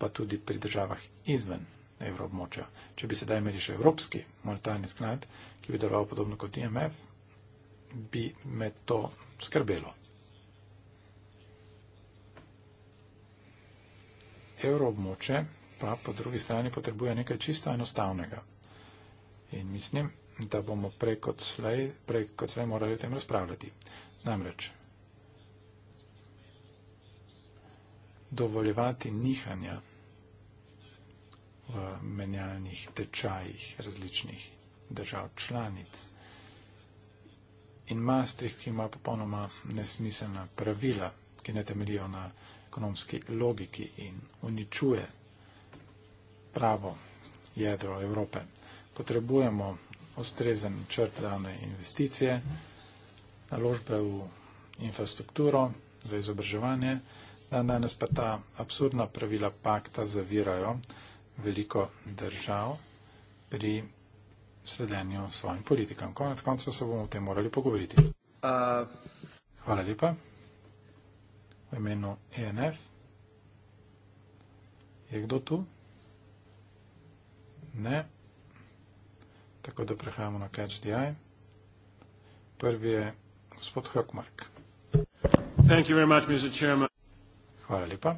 pa tudi pri državah izven evroobmočja. Če bi sedaj imeli še Evropski monetarni sklad, ki bi deloval podobno kot IMF, bi me to skrbelo. Evroobmoče pa po drugi strani potrebuje nekaj čisto enostavnega. In mislim, da bomo prej kot slej, prej kot slej morali o tem razpravljati. Namreč dovoljevati nihanja v menjalnih tečajih različnih držav članic. In Maastricht ima popolnoma nesmiselna pravila, ki ne temeljijo na ekonomski logiki in uničuje pravo jedro Evrope. Potrebujemo ustrezen črt dane investicije, naložbe v infrastrukturo, v izobraževanje. Danes pa ta absurdna pravila pakta zavirajo veliko držav pri sledenju svojim politikam. Konec koncev se bomo o tem morali pogovoriti. Uh... Hvala lepa. V imenu ENF. Je kdo tu? Ne. Tako da prehajamo na Catch the Eye. Prvi je gospod Hökmark. Thank you very much, Mr. Chairman. Hvala lepa.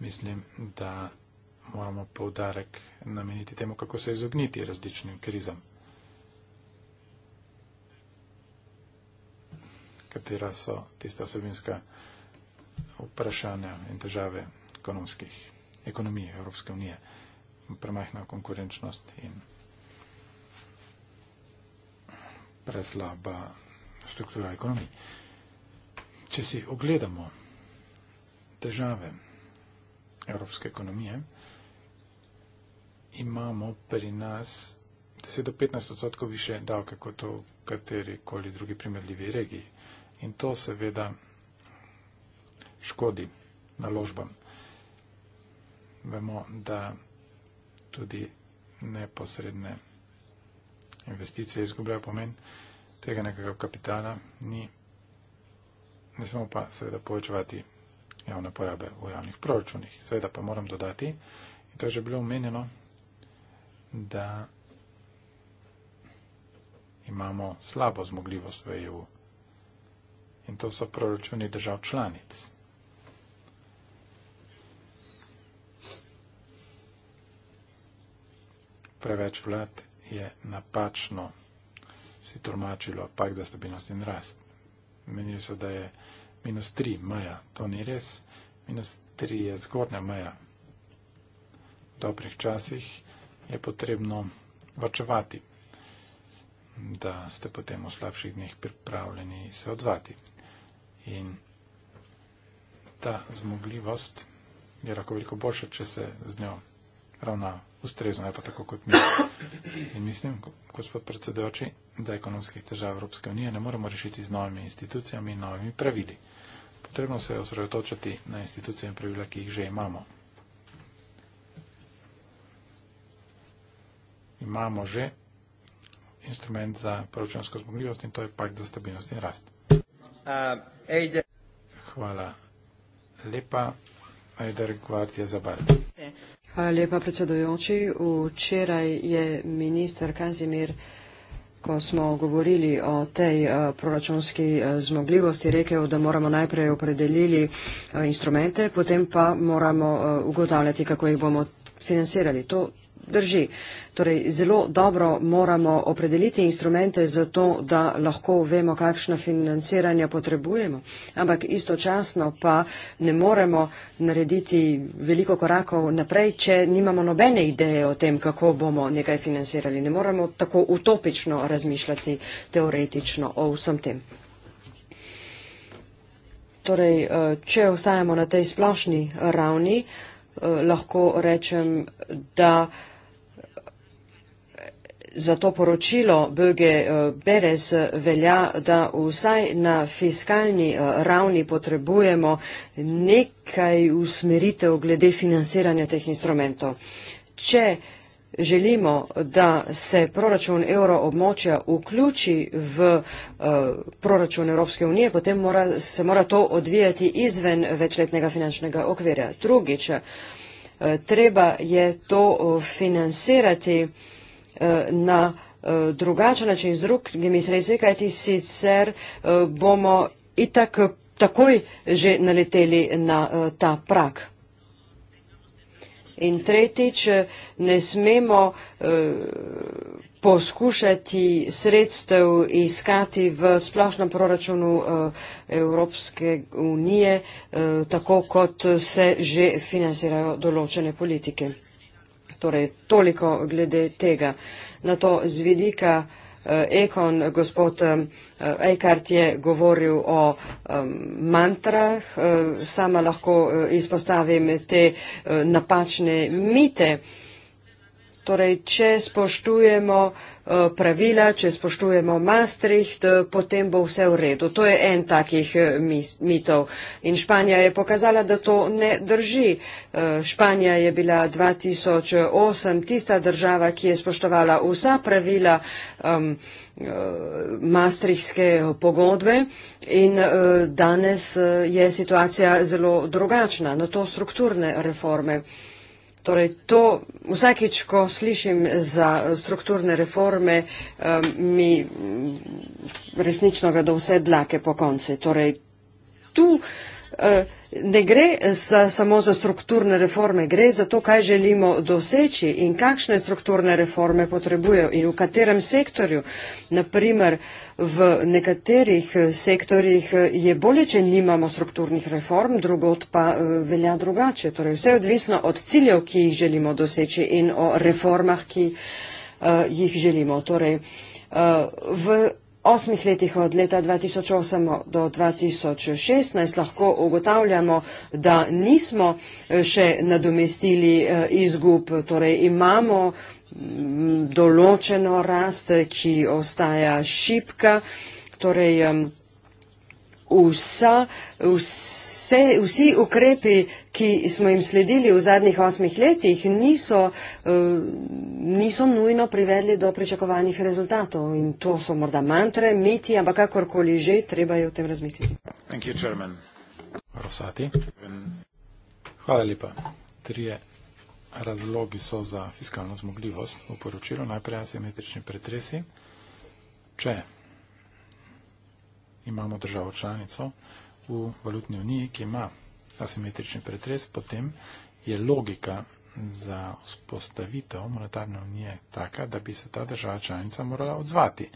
Mislim, da moramo poudarek nameniti temu, kako se izogniti različnim krizam, katera so tista osebinska vprašanja in težave ekonomskih, ekonomije Evropske unije, premajhna konkurenčnost in preslaba struktura ekonomije. Če si ogledamo težave evropske ekonomije, imamo pri nas 10 do 15 odstotkov više davke kot v kateri koli drugi primerljivi regiji. In to seveda škodi naložbam. Vemo, da tudi neposredne investicije izgubljajo pomen tega nekega kapitala, ni ne smemo pa seveda povečevati javne porabe v javnih proračunih. Seveda pa moram dodati, in to je že bilo omenjeno, da imamo slabo zmogljivost v EU. In to so proračuni držav članic. Preveč vlad je napačno si tolmačilo pak za stabilnost in rast menili so, da je minus 3 maja. To ni res. Minus 3 je zgornja maja. V dobrih časih je potrebno vrčevati, da ste potem v slabših dneh pripravljeni se odvati. In ta zmogljivost je lahko veliko boljša, če se z njo ravna ustrezno, ne pa tako kot mi. In mislim, gospod predsedojoči, da ekonomskih težav Evropske unije ne moremo rešiti z novimi institucijami in novimi pravili. Potrebno se je osredotočiti na institucije in pravila, ki jih že imamo. Imamo že instrument za proračunsko zmogljivost in to je pakt za stabilnost in rast. Uh, Hvala lepa, Eder Guardia Zabarci. Eh, Hvala lepa, predsedujoči. Včeraj je minister Kazimir, ko smo govorili o tej eh, proračunski eh, zmogljivosti, rekel, da moramo najprej opredelili eh, instrumente, potem pa moramo ugotavljati, kako jih bomo financirali. To drži. Torej, zelo dobro moramo opredeliti instrumente za to, da lahko vemo, kakšna financiranja potrebujemo, ampak istočasno pa ne moremo narediti veliko korakov naprej, če nimamo nobene ideje o tem, kako bomo nekaj financirali. Ne moremo tako utopično razmišljati teoretično o vsem tem. Torej, eh, če ostajamo na tej splošni ravni, eh, lahko rečem, da. Za to poročilo Böge Beres eh, velja, da vsaj na fiskalni eh, ravni potrebujemo nekaj usmeritev glede financiranja teh instrumentov. Če želimo, da se proračun euroobmočja vključi v eh, proračun Evropske unije, potem mora, se mora to odvijati izven večletnega finančnega okvirja. Drugič, treba je to financirati Eh, na eh, drugačen način z drugimi sredstvi, kajti sicer eh, bomo itak takoj že naleteli na ta prak. In tretjič, ne smemo poskušati sredstev iskati v splošnem proračunu Evropske unije, tako kot se že financirajo določene politike. Torej, toliko glede tega. Na to zvedika eh, Ekon, gospod Eikart eh, je govoril o eh, mantrah, sama lahko izpostavim te napačne mite. Torej, če spoštujemo eh, pravila, če spoštujemo Maastricht, eh, potem bo vse v redu. To je en takih eh, mitov. In Španija je pokazala, da to ne drži. Španija je bila 2008 tista država, ki je spoštovala vsa pravila Maastrichtske pogodbe in danes je situacija zelo drugačna na to strukturne reforme. Torej, to vsakič, ko slišim za strukturne reforme, eh, mi resnično gredo vse dlake po konci. Torej, tu eh, Ne gre za, samo za strukturne reforme, gre za to, kaj želimo doseči in kakšne strukturne reforme potrebujejo in v katerem sektorju. Naprimer, v nekaterih eh, sektorjih eh, je bolje, če nimamo strukturnih reform, drugot pa eh, velja drugače. Torej, vse je odvisno od ciljev, ki jih želimo doseči in o reformah, ki uh, jih želimo. Torej, uh, osmih letih od leta 2008 do 2016 lahko ugotavljamo, da nismo eh, še nadomestili eh, izgub, torej imamo mm, določeno rast, ki ostaja šipka. Torej, vsa, vse, vsi ukrepi, ki smo jim sledili v zadnjih osmih letih, niso, eh, niso nujno privedli do pričakovanih rezultatov. In to so morda mantre, miti, ampak kakorkoli že, treba je o tem razmisliti. Hvala lepa. Trije razlogi so za fiskalno zmogljivost v poročilu. Najprej asimetrični pretresi. Če imamo državo članico v valutni uniji, ki ima asimetrični pretres, potem je logika za vzpostavitev monetarne unije taka, da bi se ta država članica morala odzvati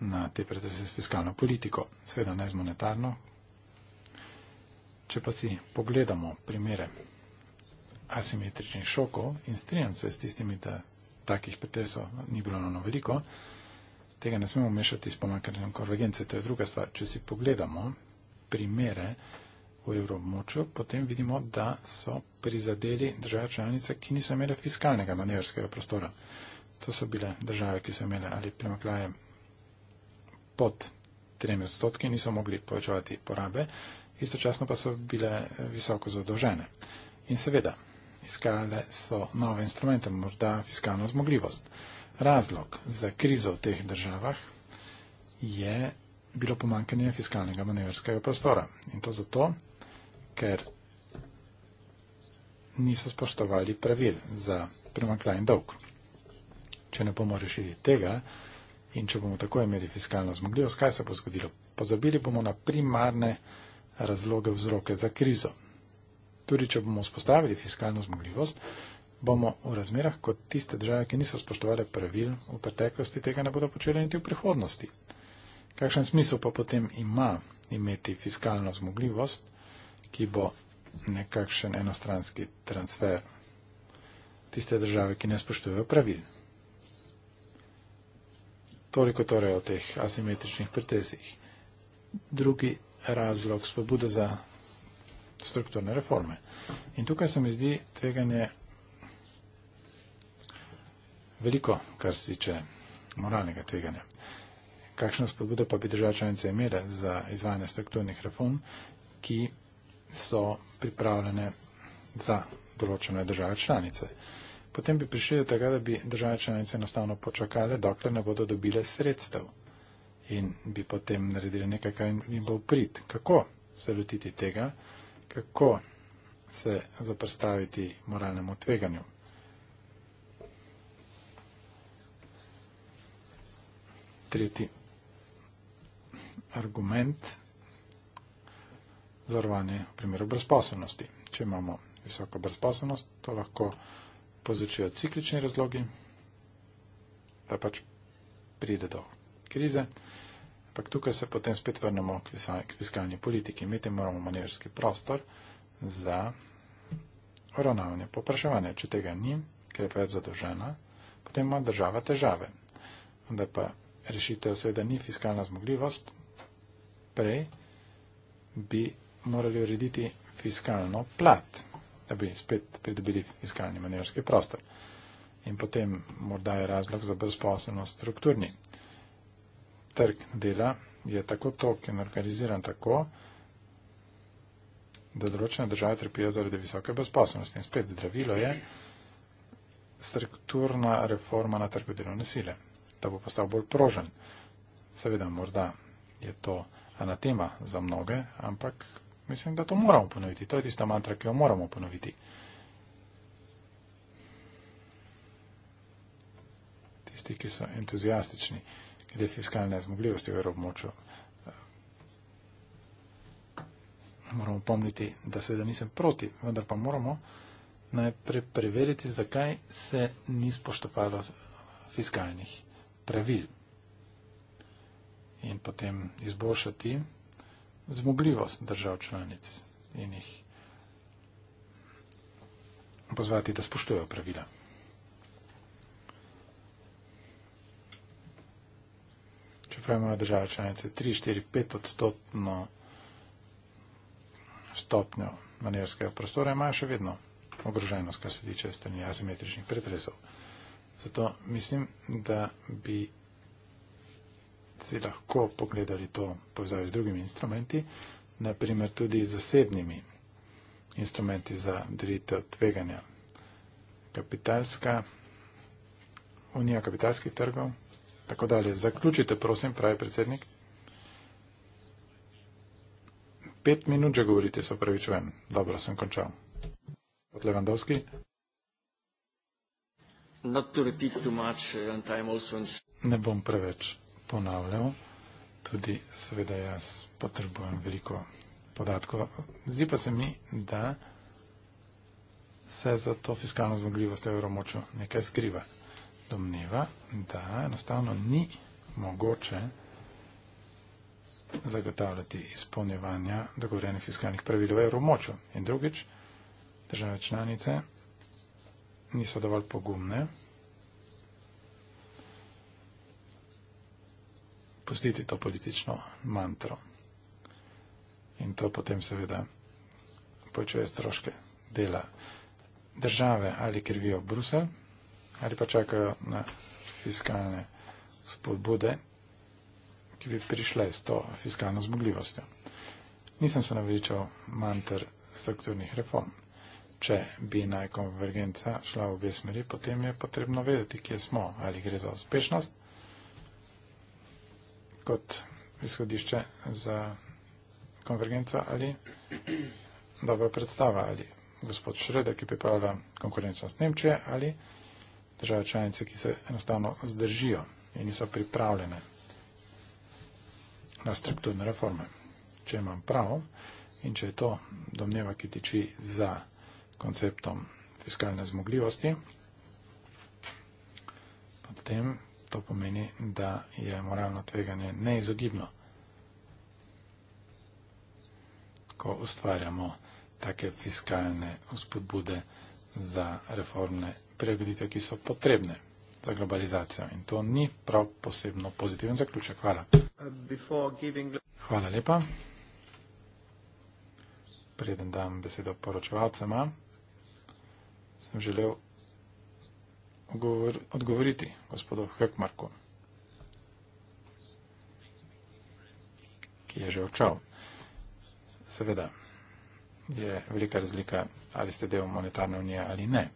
na te pretrese s fiskalno politiko, seveda ne z monetarno. Če pa si pogledamo primere asimetričnih šokov in strinjam se s tistimi, da takih pretresov ni bilo na veliko, tega ne smemo mešati s pomankanjem konvergence. To je druga stvar. Če si pogledamo primere v evroobmočju, potem vidimo, da so prizadeli države članice, ki niso imele fiskalnega manevrskega prostora. To so bile države, ki so imele ali premaklaje pod tremi odstotki, niso mogli povečevati porabe, istočasno pa so bile visoko zadožene. In seveda, iskale so nove instrumente, morda fiskalno zmogljivost. Razlog za krizo v teh državah je bilo pomankanje fiskalnega manevrskega prostora. In to zato, ker niso spoštovali pravil za primankljaj in dolg. Če ne bomo rešili tega in če bomo tako imeli fiskalno zmogljivost, kaj se bo zgodilo? Pozabili bomo na primarne razloge vzroke za krizo. Tudi, če bomo spostavili fiskalno zmogljivost, bomo v razmerah kot tiste države, ki niso spoštovali pravil v preteklosti, tega ne bodo počeli niti v prihodnosti. Kakšen smisel pa potem ima imeti fiskalno zmogljivost, ki bo nekakšen enostranski transfer tiste države, ki ne spoštujejo pravil. Toliko torej o teh asimetričnih pretezih. Drugi razlog spobude za strukturne reforme. In tukaj se mi zdi tveganje veliko, kar se tiče moralnega tveganja. Kakšno spodbudo pa bi država članica imela za izvajanje strukturnih reform, ki so pripravljene za določene države članice? Potem bi prišli do tega, da bi države članice enostavno počakale, dokler ne bodo dobile sredstev in bi potem naredili nekaj, kar jim bo prid. Kako se lotiti tega, kako se zaprstaviti moralnemu tveganju? tretji argument za varovanje v primeru brezposobnosti. Če imamo visoko brezposobnost, to lahko povzročijo ciklični razlogi, da pač pride do krize. Ampak tukaj se potem spet vrnemo k fiskalni politiki. Mi te moramo manevrski prostor za uravnavanje popraševanja. Če tega ni, ker je preveč zadolžena, potem ima država težave. Onda pa rešitev seveda ni fiskalna zmogljivost. Prej bi morali urediti fiskalno plat, da bi spet pridobili fiskalni manevrski prostor. In potem morda je razlog za brezposobnost strukturni. Trg dela je tako tok in organiziran tako, da določene države trpijo zaradi visoke brezposobnosti. In spet zdravilo je strukturna reforma na trgu delovne sile da bo postal bolj prožen. Seveda, morda je to anatema za mnoge, ampak mislim, da to moramo ponoviti. To je tista mantra, ki jo moramo ponoviti. Tisti, ki so entuzijastični glede fiskalne zmogljivosti v Evropmoču, eh, moramo pomniti, da seveda nisem proti, vendar pa moramo najprej preveriti, zakaj se ni spoštovalo fiskalnih pravil in potem izboljšati zmogljivost držav članic in jih pozvati, da spoštujejo pravila. Čeprav imajo države članice 3, 4, 5 odstotno stopnjo manevrskega prostora, imajo še vedno ogroženost, kar se tiče strani asimetričnih pretresov. Zato mislim, da bi si lahko pogledali to povezavo z drugimi instrumenti, naprimer tudi z zasebnimi instrumenti za delitev tveganja. Kapitalska, Unija kapitalskih trgov, tako dalje. Zaključite, prosim, pravi predsednik. Pet minut že govorite, se opravičujem. Dobro, sem končal. Od Levandovski not to repeat too much uh, and time also in... ne bom preveč ponavljal, tudi seveda jaz potrebujem veliko podatkov. Zdi pa se mi, da se za to fiskalno zmogljivost v evromoču nekaj skriva. Domneva, da enostavno ni mogoče zagotavljati izpolnjevanja dogovorjenih fiskalnih pravil v evromoču. In drugič, države članice niso dovolj pogumne. Pustiti to politično mantro. In to potem seveda počuje stroške dela države ali krivijo Brusel ali pa čakajo na fiskalne spodbude, ki bi prišle s to fiskalno zmogljivostjo. Nisem se navičal manter strukturnih reform. Če bi naj konvergenca šla v obe smeri, potem je potrebno vedeti, kje smo, ali gre za uspešnost kot izhodišče za konvergenco ali dobra predstava, ali gospod Šreder, ki pripravlja konkurenčnost Nemčije, ali države članice, ki se enostavno zdržijo in niso pripravljene na strukturne reforme. Če imam prav in če je to domneva, ki tiči za konvergenco, konceptom fiskalne zmogljivosti. Potem to pomeni, da je moralno tveganje neizogibno. Ko ustvarjamo take fiskalne vzpodbude za reformne prioritete, ki so potrebne za globalizacijo. In to ni prav posebno pozitiven zaključek. Hvala. Hvala lepa. Preden dam besedo poročevalcema sem želel odgovoriti gospodu Hökmarku, ki je že očal. Seveda je velika razlika, ali ste del monetarne unije ali ne.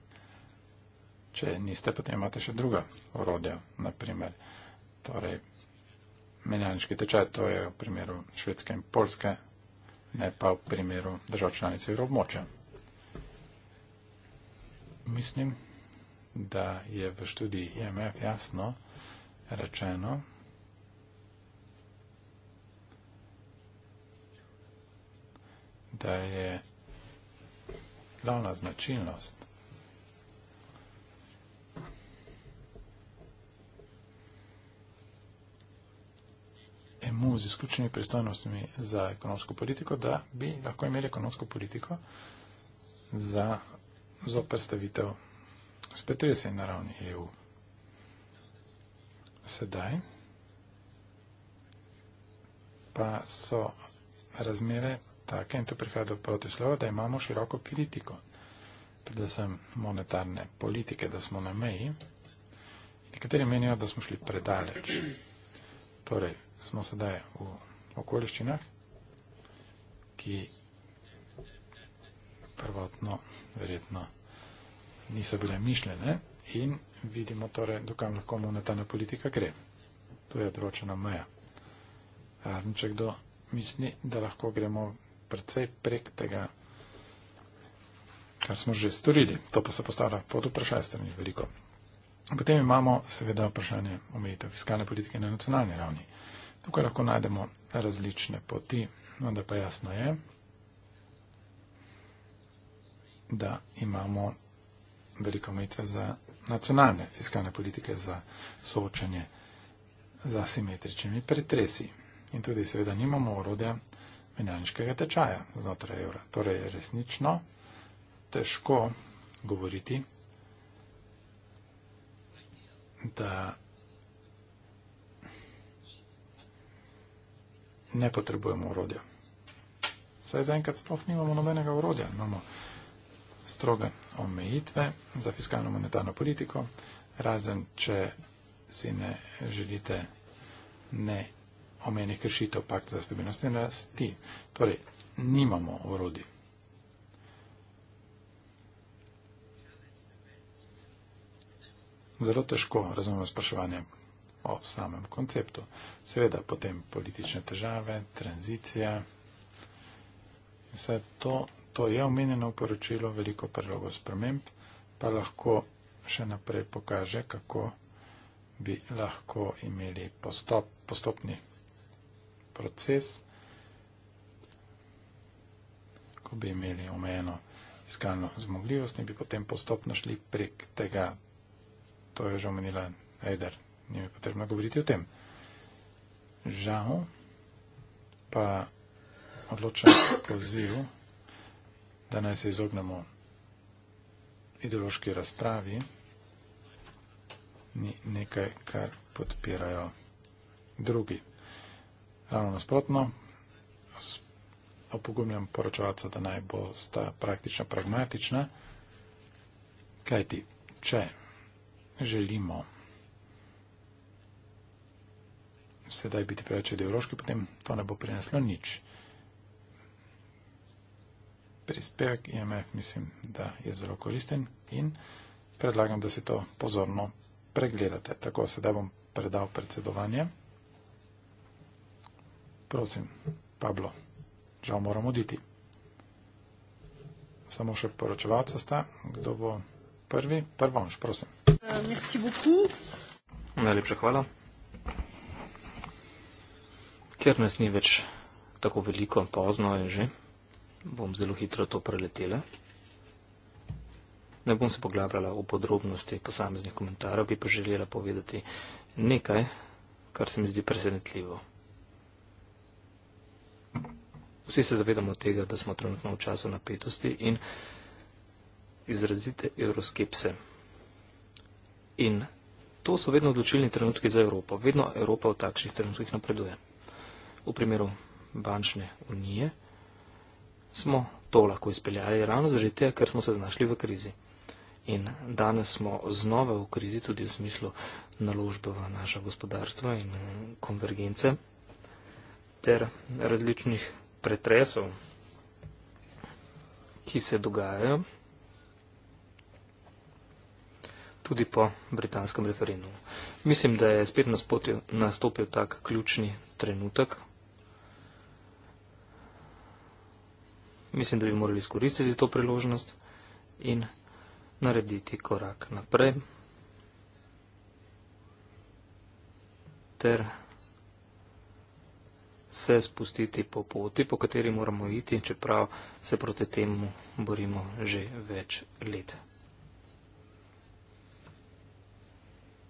Če niste, potem imate še druga orodja, naprimer. Torej, menjalniški tečaj, to je v primeru švedske in polske, ne pa v primeru držav članice Evropmoča mislim, da je v študiji IMF e jasno rečeno, da je glavna značilnost EMU z izključenimi pristojnostmi za ekonomsko politiko, da bi lahko imeli ekonomsko politiko za za predstavitev s petrisej na ravni EU. Sedaj pa so razmere take in to prihaja do protislova, da imamo široko kritiko, predvsem monetarne politike, da smo na meji. Nekateri menijo, da smo šli predaleč. Torej, smo sedaj v okoliščinah, ki prvotno verjetno niso bile mišljene in vidimo torej, dokam lahko monetarna politika gre. To je odročena meja. Razen, če kdo misli, da lahko gremo predvsej prek tega, kar smo že storili. To pa se postavlja pod vprašanje strani veliko. Potem imamo seveda vprašanje omejitev fiskalne politike na nacionalni ravni. Tukaj lahko najdemo različne poti, vendar pa jasno je, da imamo veliko metve za nacionalne fiskalne politike, za soočanje z asimetričnimi pretresi. In tudi seveda nimamo orodja menjalniškega tečaja znotraj evra. Torej je resnično težko govoriti, da ne potrebujemo orodja. Saj zaenkrat sploh nimamo nobenega orodja. Imamo stroge omejitve za fiskalno monetarno politiko, razen če si ne želite ne omenih kršitev pakt za stabilnost in rasti. Torej, nimamo orodi. Zelo težko razumemo spraševanje o samem konceptu. Seveda potem politične težave, tranzicija in vse to to je omenjeno v poročilu, veliko predlogo sprememb, pa lahko še naprej pokaže, kako bi lahko imeli postop, postopni proces, ko bi imeli omejeno iskalno zmogljivost in bi potem postopno šli prek tega. To je že omenila Eder, ni mi potrebno govoriti o tem. Žal pa odločen poziv da naj se izognemo ideološki razpravi, ni nekaj, kar podpirajo drugi. Ravno nasprotno, opogumljam poročevalca, da naj bo sta praktična, pragmatična, kajti, če želimo sedaj biti preveč ideološki, potem to ne bo prineslo nič prispevek IMF mislim, da je zelo koristen in predlagam, da si to pozorno pregledate. Tako sedaj bom predal predsedovanje. Prosim, Pablo, žal moram oditi. Samo še poročevalca sta, kdo bo prvi. Prvo, še prosim. Eh, Najlepša hvala. Ker nas ni več tako veliko, pozno je že bom zelo hitro to preletela. Ne bom se poglabljala v podrobnosti posameznih komentarjev, bi pa želela povedati nekaj, kar se mi zdi presenetljivo. Vsi se zavedamo tega, da smo trenutno v času napetosti in izrazite euroskepse. In to so vedno odločilni trenutki za Evropo. Vedno Evropa v takšnih trenutkih napreduje. V primeru bančne unije smo to lahko izpeljali ravno zaradi tega, ker smo se znašli v krizi. In danes smo znova v krizi tudi v smislu naložbe v naša gospodarstva in konvergence ter različnih pretresov, ki se dogajajo tudi po britanskem referendumu. Mislim, da je spet nastopil, nastopil tak ključni trenutek, Mislim, da bi morali izkoristiti to priložnost in narediti korak naprej. Ter se spustiti po poti, po kateri moramo iti, čeprav se proti temu borimo že več let.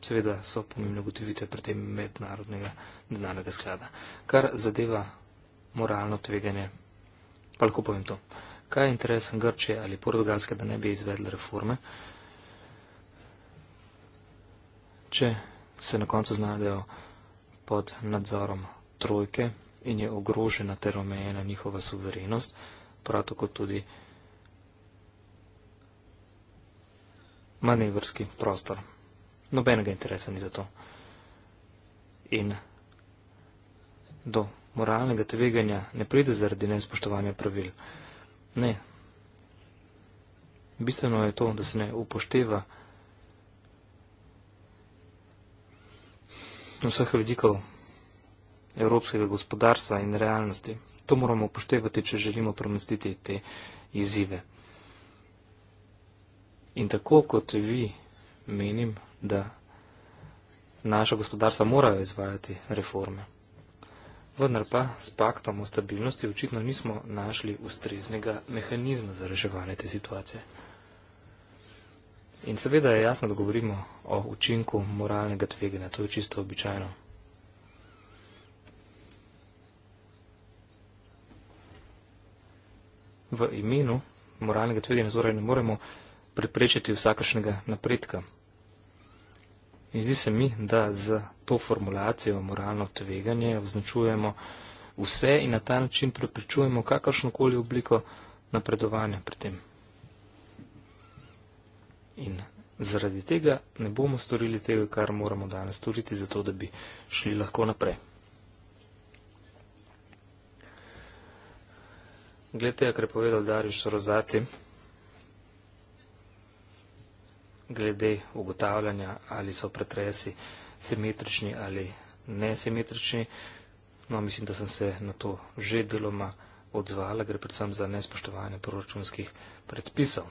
Seveda so pomembne ugotovitve pri tem mednarodnega denarnega sklada. Kar zadeva moralno tveganje Pa lahko povem to. Kaj je interes Grčije ali Portugalske, da ne bi izvedli reforme, če se na koncu znajdejo pod nadzorom trojke in je ogrožena ter omejena njihova suverenost, prav tako tudi manevrski prostor. Nobenega interesa ni za to. In do moralnega tveganja ne pride zaradi nespoštovanja pravil. Ne. Bistveno je to, da se ne upošteva vseh vidikov evropskega gospodarstva in realnosti. To moramo upoštevati, če želimo premestiti te izzive. In tako kot vi, menim, da naša gospodarstva morajo izvajati reforme vendar pa s paktom o stabilnosti očitno nismo našli ustreznega mehanizma za reševanje te situacije. In seveda je jasno, da govorimo o učinku moralnega tveganja, to je čisto običajno. V imenu moralnega tveganja torej ne moremo preprečiti vsakršnega napredka. In zdi se mi, da z to formulacijo moralno tveganje označujemo vse in na ta način prepričujemo kakršnokoli obliko napredovanja pri tem. In zaradi tega ne bomo storili tega, kar moramo danes storiti, zato da bi šli lahko naprej. Glede tega, kar je povedal Darius Rozati, glede ugotavljanja, ali so pretresi simetrični ali nesimetrični. No, mislim, da sem se na to že deloma odzvala, gre predvsem za nespoštovanje proračunskih predpisov.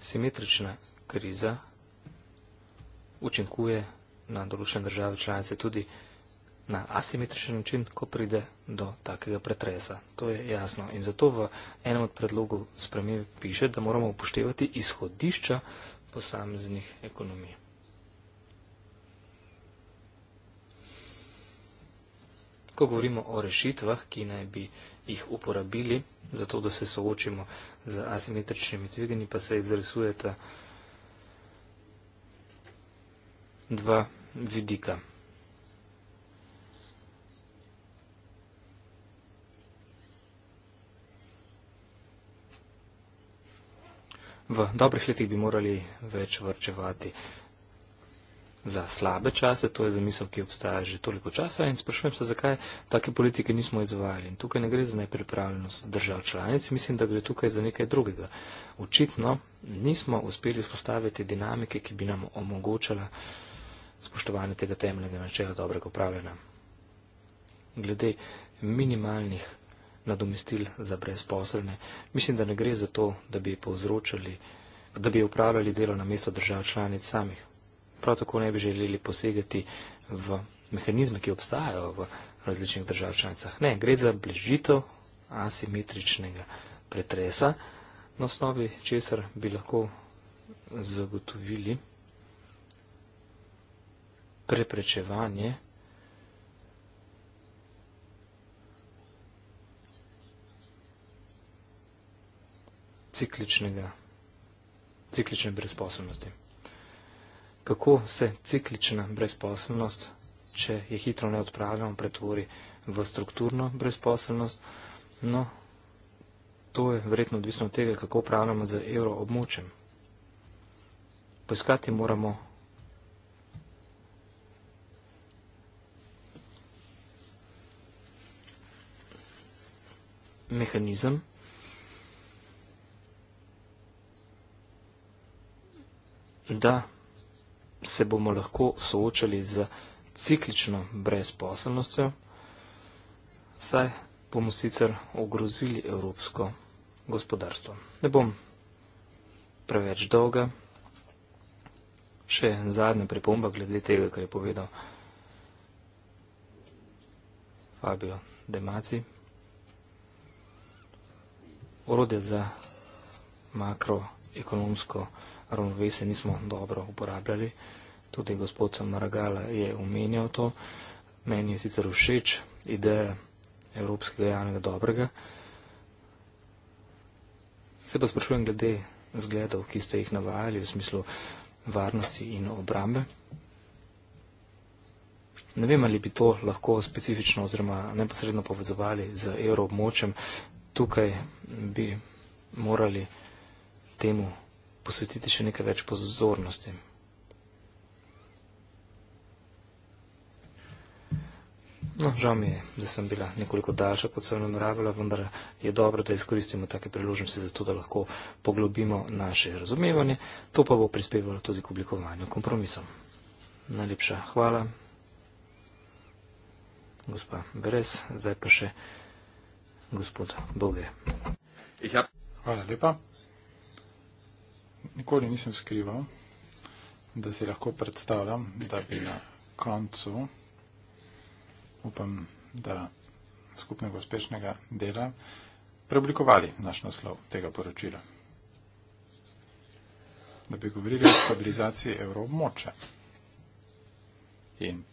Simetrična kriza učinkuje na določene države članice tudi, na asimetričen način, ko pride do takega pretresa. To je jasno. In zato v enem od predlogov spremembe piše, da moramo upoštevati izhodišča posameznih ekonomij. Ko govorimo o rešitvah, ki naj bi jih uporabili, zato da se soočimo z asimetričnimi tveganji, pa se izrisujeta dva vidika. v dobrih letih bi morali več vrčevati. Za slabe čase, to je zamisel, ki obstaja že toliko časa in sprašujem se, zakaj take politike nismo izvajali. In tukaj ne gre za nepripravljenost držav članic, mislim, da gre tukaj za nekaj drugega. Očitno nismo uspeli vzpostaviti dinamike, ki bi nam omogočala spoštovanje tega temeljnega načela dobrega upravljanja. Glede minimalnih nadomestil za brezposelne. Mislim, da ne gre za to, da bi povzročali, da bi upravljali delo na mesto držav članic samih. Prav tako ne bi želeli posegati v mehanizme, ki obstajajo v različnih držav članicah. Ne, gre za bližitev asimetričnega pretresa, na osnovi česar bi lahko zagotovili preprečevanje cikličnega, ciklične brezposobnosti. Kako se ciklična brezposobnost, če je hitro ne odpravljamo, pretvori v strukturno brezposobnost? No, to je verjetno odvisno od tega, kako upravljamo z evro območjem. Poiskati moramo mehanizem, da se bomo lahko soočali z ciklično brezposobnostjo, saj bomo sicer ogrozili evropsko gospodarstvo. Ne bom preveč dolga. Še zadnja pripomba glede tega, kar je povedal Fabio Demaci. Orodje za makroekonomsko gospodarstvo ravnovesje nismo dobro uporabljali. Tudi gospod Maragala je omenjal to. Meni je sicer všeč ideja evropskega javnega dobrega. Se pa sprašujem glede zgledov, ki ste jih navajali v smislu varnosti in obrambe. Ne vem, ali bi to lahko specifično oziroma neposredno povezovali z evroobmočem. Tukaj bi morali temu posvetiti še nekaj več pozornosti. No, žal mi je, da sem bila nekoliko daljša, kot sem namravila, vendar je dobro, da izkoristimo take priložnosti za to, da lahko poglobimo naše razumevanje. To pa bo prispevalo tudi k oblikovanju kompromisov. Najlepša hvala, gospa Beres, zdaj pa še gospod Boge. Hvala lepa nikoli nisem skrival, da si lahko predstavljam, da bi na koncu, upam, da skupnega uspešnega dela, preoblikovali naš naslov tega poročila. Da bi govorili o stabilizaciji evroobmoča in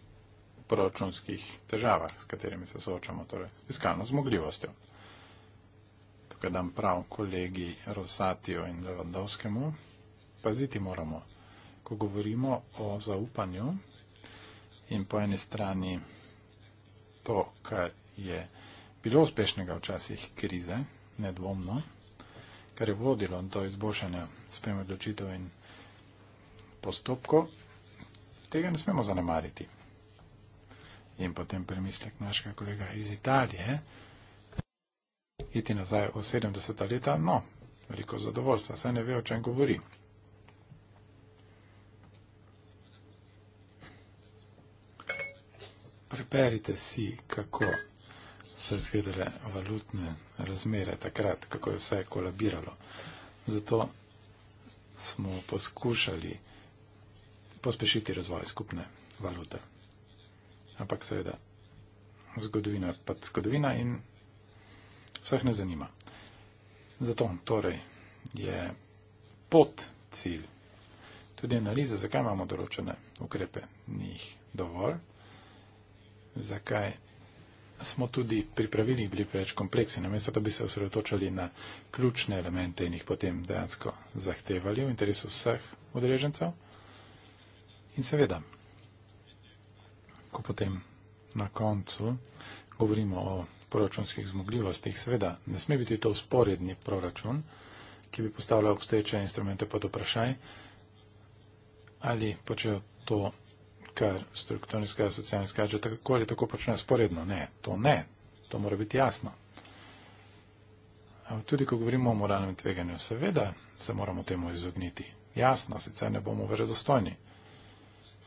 proračunskih težavah, s katerimi se soočamo, torej s fiskalno zmogljivostjo. Tukaj dam prav kolegi Rosatijo in Levandovskemu, paziti moramo, ko govorimo o zaupanju in po eni strani to, kar je bilo uspešnega včasih krize, nedvomno, kar je vodilo do izboljšanja sprem odločitev in postopkov, tega ne smemo zanemariti. In potem premislek našega kolega iz Italije, iti nazaj v 70. leta, no, veliko zadovoljstva, saj ne ve, o čem govori. preberite si, kako so izgledale valutne razmere takrat, kako je vse kolabiralo. Zato smo poskušali pospešiti razvoj skupne valute. Ampak seveda, zgodovina je pa zgodovina in vseh ne zanima. Zato torej je pot cilj. Tudi analiza, zakaj imamo določene ukrepe, ni jih dovolj zakaj smo tudi pri pravilih bili preveč kompleksni, namesto da bi se osredotočali na ključne elemente in jih potem dejansko zahtevali v interesu vseh odrežencev. In seveda, ko potem na koncu govorimo o proračunskih zmogljivostih, seveda ne sme biti to usporedni proračun, ki bi postavljal obstoječe instrumente pod vprašaj, ali počejo to kar strukturni skladi socialni skladi, tako ali tako počnejo sporedno. Ne, to ne, to mora biti jasno. Ampak tudi, ko govorimo o moralnem tveganju, seveda se moramo temu izogniti. Jasno, sicer ne bomo verodostojni,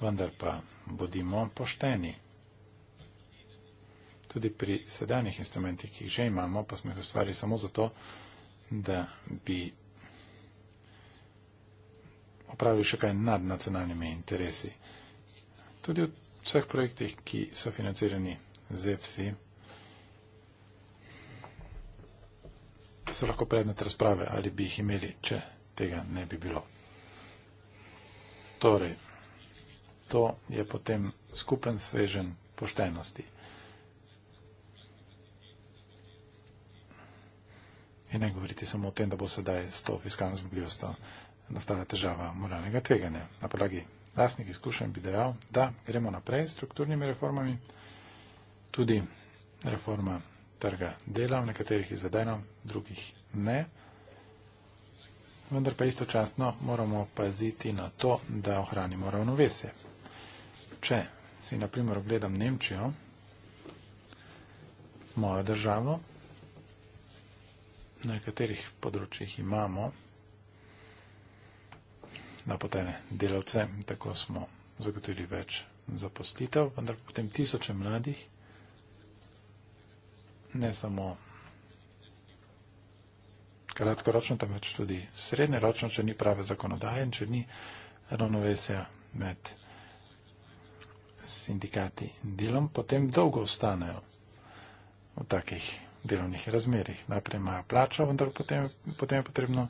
vendar pa bodimo pošteni. Tudi pri sedanjih instrumentih, ki jih že imamo, pa smo jih ustvarili samo zato, da bi opravili še kaj nad nacionalnimi interesi. Tudi v vseh projektih, ki so financirani z EFSI, so lahko predmet razprave, ali bi jih imeli, če tega ne bi bilo. Torej, to je potem skupen svežen poštenosti. In ne govoriti samo o tem, da bo sedaj s to fiskalno zmogljivostjo nastala težava moralnega tveganja na podlagi lastnih izkušenj bi dejal, da gremo naprej s strukturnimi reformami, tudi reforma trga dela, v nekaterih je zadena, v drugih ne. Vendar pa istočasno moramo paziti na to, da ohranimo ravnovesje. Če si na primer ogledam Nemčijo, mojo državo, na katerih področjih imamo napotene delavce, tako smo zagotovili več zaposlitev, vendar potem tisoče mladih, ne samo kratkoročno, temveč tudi srednjeročno, če ni prave zakonodaje in če ni ravnovesja med sindikati in delom, potem dolgo ostanejo v takih delovnih razmerih. Najprej imajo plačo, vendar potem, potem je potrebno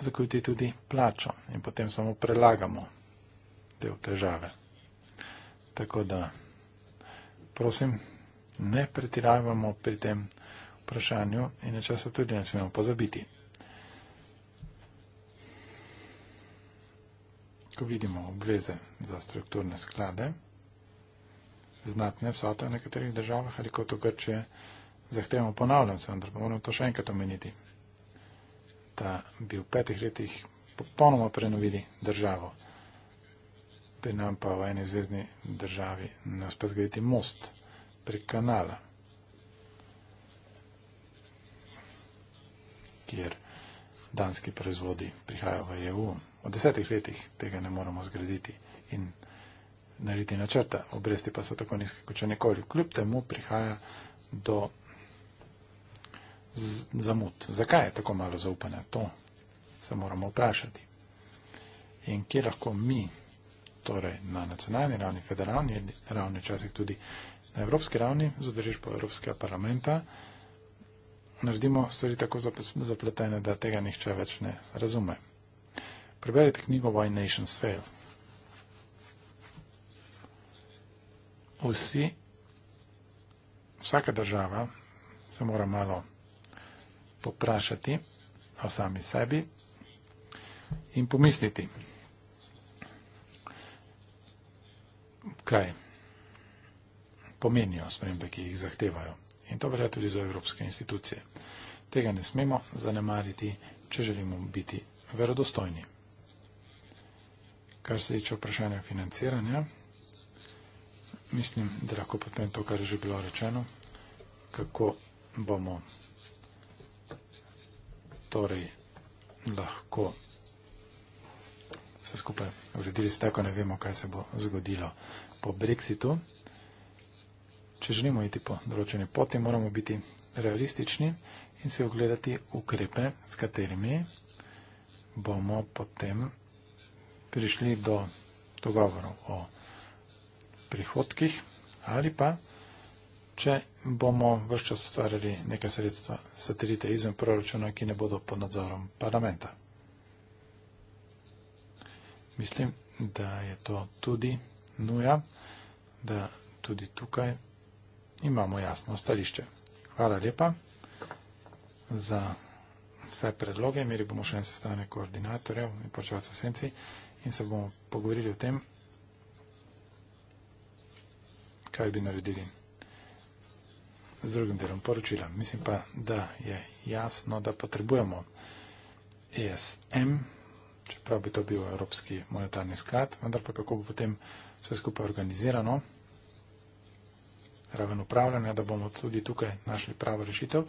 zakoviti tudi plačo in potem samo prelagamo te težave. Tako da, prosim, ne pretiravamo pri tem vprašanju in nečesa tudi ne smemo pozabiti. Ko vidimo obveze za strukturne sklade, znatne vsote v nekaterih državah ali kot v Grčije, zahtevamo ponavljam se, vendar moramo to še enkrat omeniti, da bi v petih letih popolnoma prenovili državo, da nam pa v eni zvezdni državi ne uspe zgraditi most prek kanala, kjer danski proizvodi prihajajo v EU. V desetih letih tega ne moremo zgraditi in narediti načrta. Obresti pa so tako nizke, kot če nekoli. Kljub temu prihaja do zamud. Zakaj je tako malo zaupanja? To se moramo vprašati. In kje lahko mi, torej na nacionalni ravni, federalni ravni, včasih tudi na evropski ravni, zadržiš po Evropskega parlamenta, naredimo stvari tako zapletene, da tega nihče več ne razume. Preberite knjigo Why Nations Fail. Vsi, vsaka država se mora malo poprašati o sami sebi in pomisliti. kaj pomenijo spremembe, ki jih zahtevajo. In to velja tudi za evropske institucije. Tega ne smemo zanemariti, če želimo biti verodostojni. Kar se tiče vprašanja financiranja, mislim, da lahko potem to, kar je že bilo rečeno, kako bomo torej lahko vse skupaj uredili, tako ne vemo, kaj se bo zgodilo po Brexitu. Če želimo iti po določeni poti, moramo biti realistični in si ogledati ukrepe, s katerimi bomo potem prišli do dogovorov o prihodkih ali pa če bomo vse čas ustvarjali neka sredstva satelite izven proračuna, ki ne bodo pod nadzorom parlamenta. Mislim, da je to tudi nuja, da tudi tukaj imamo jasno stališče. Hvala lepa za vse predloge. Imeli bomo še en sestanek koordinatorjev in počevalcev senci in se bomo pogovorili o tem, kaj bi naredili z drugim delom poročila. Mislim pa, da je jasno, da potrebujemo ESM, čeprav bi to bil Evropski monetarni sklad, vendar pa kako bo potem vse skupaj organizirano, raven upravljanja, da bomo tudi tukaj našli pravo rešitev,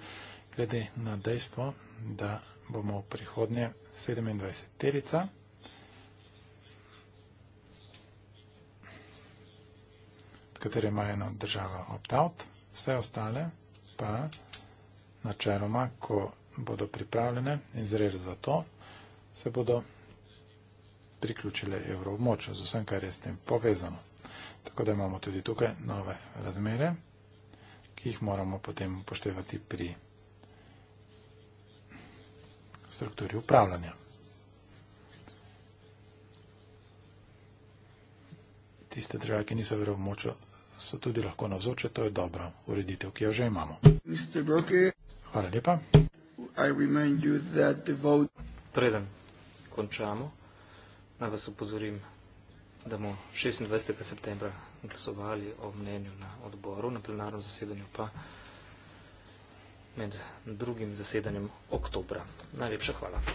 glede na dejstvo, da bomo v prihodnje 27 terica. katere ima ena država opt-out vse ostale pa načeloma, ko bodo pripravljene in zrele za to, se bodo priključile evroobmočju z vsem, kar je s tem povezano. Tako da imamo tudi tukaj nove razmere, ki jih moramo potem upoštevati pri strukturi upravljanja. Tiste države, ki niso evroobmočju, so tudi lahko navzoče, to je dobra ureditev, ki jo že imamo. Brooke, Hvala lepa. Vote... Preden končamo, naj vas upozorim, da bomo 26. septembra glasovali o mnenju na odboru, na plenarnem zasedanju pa med drugim zasedanjem oktobra. Najlepša hvala.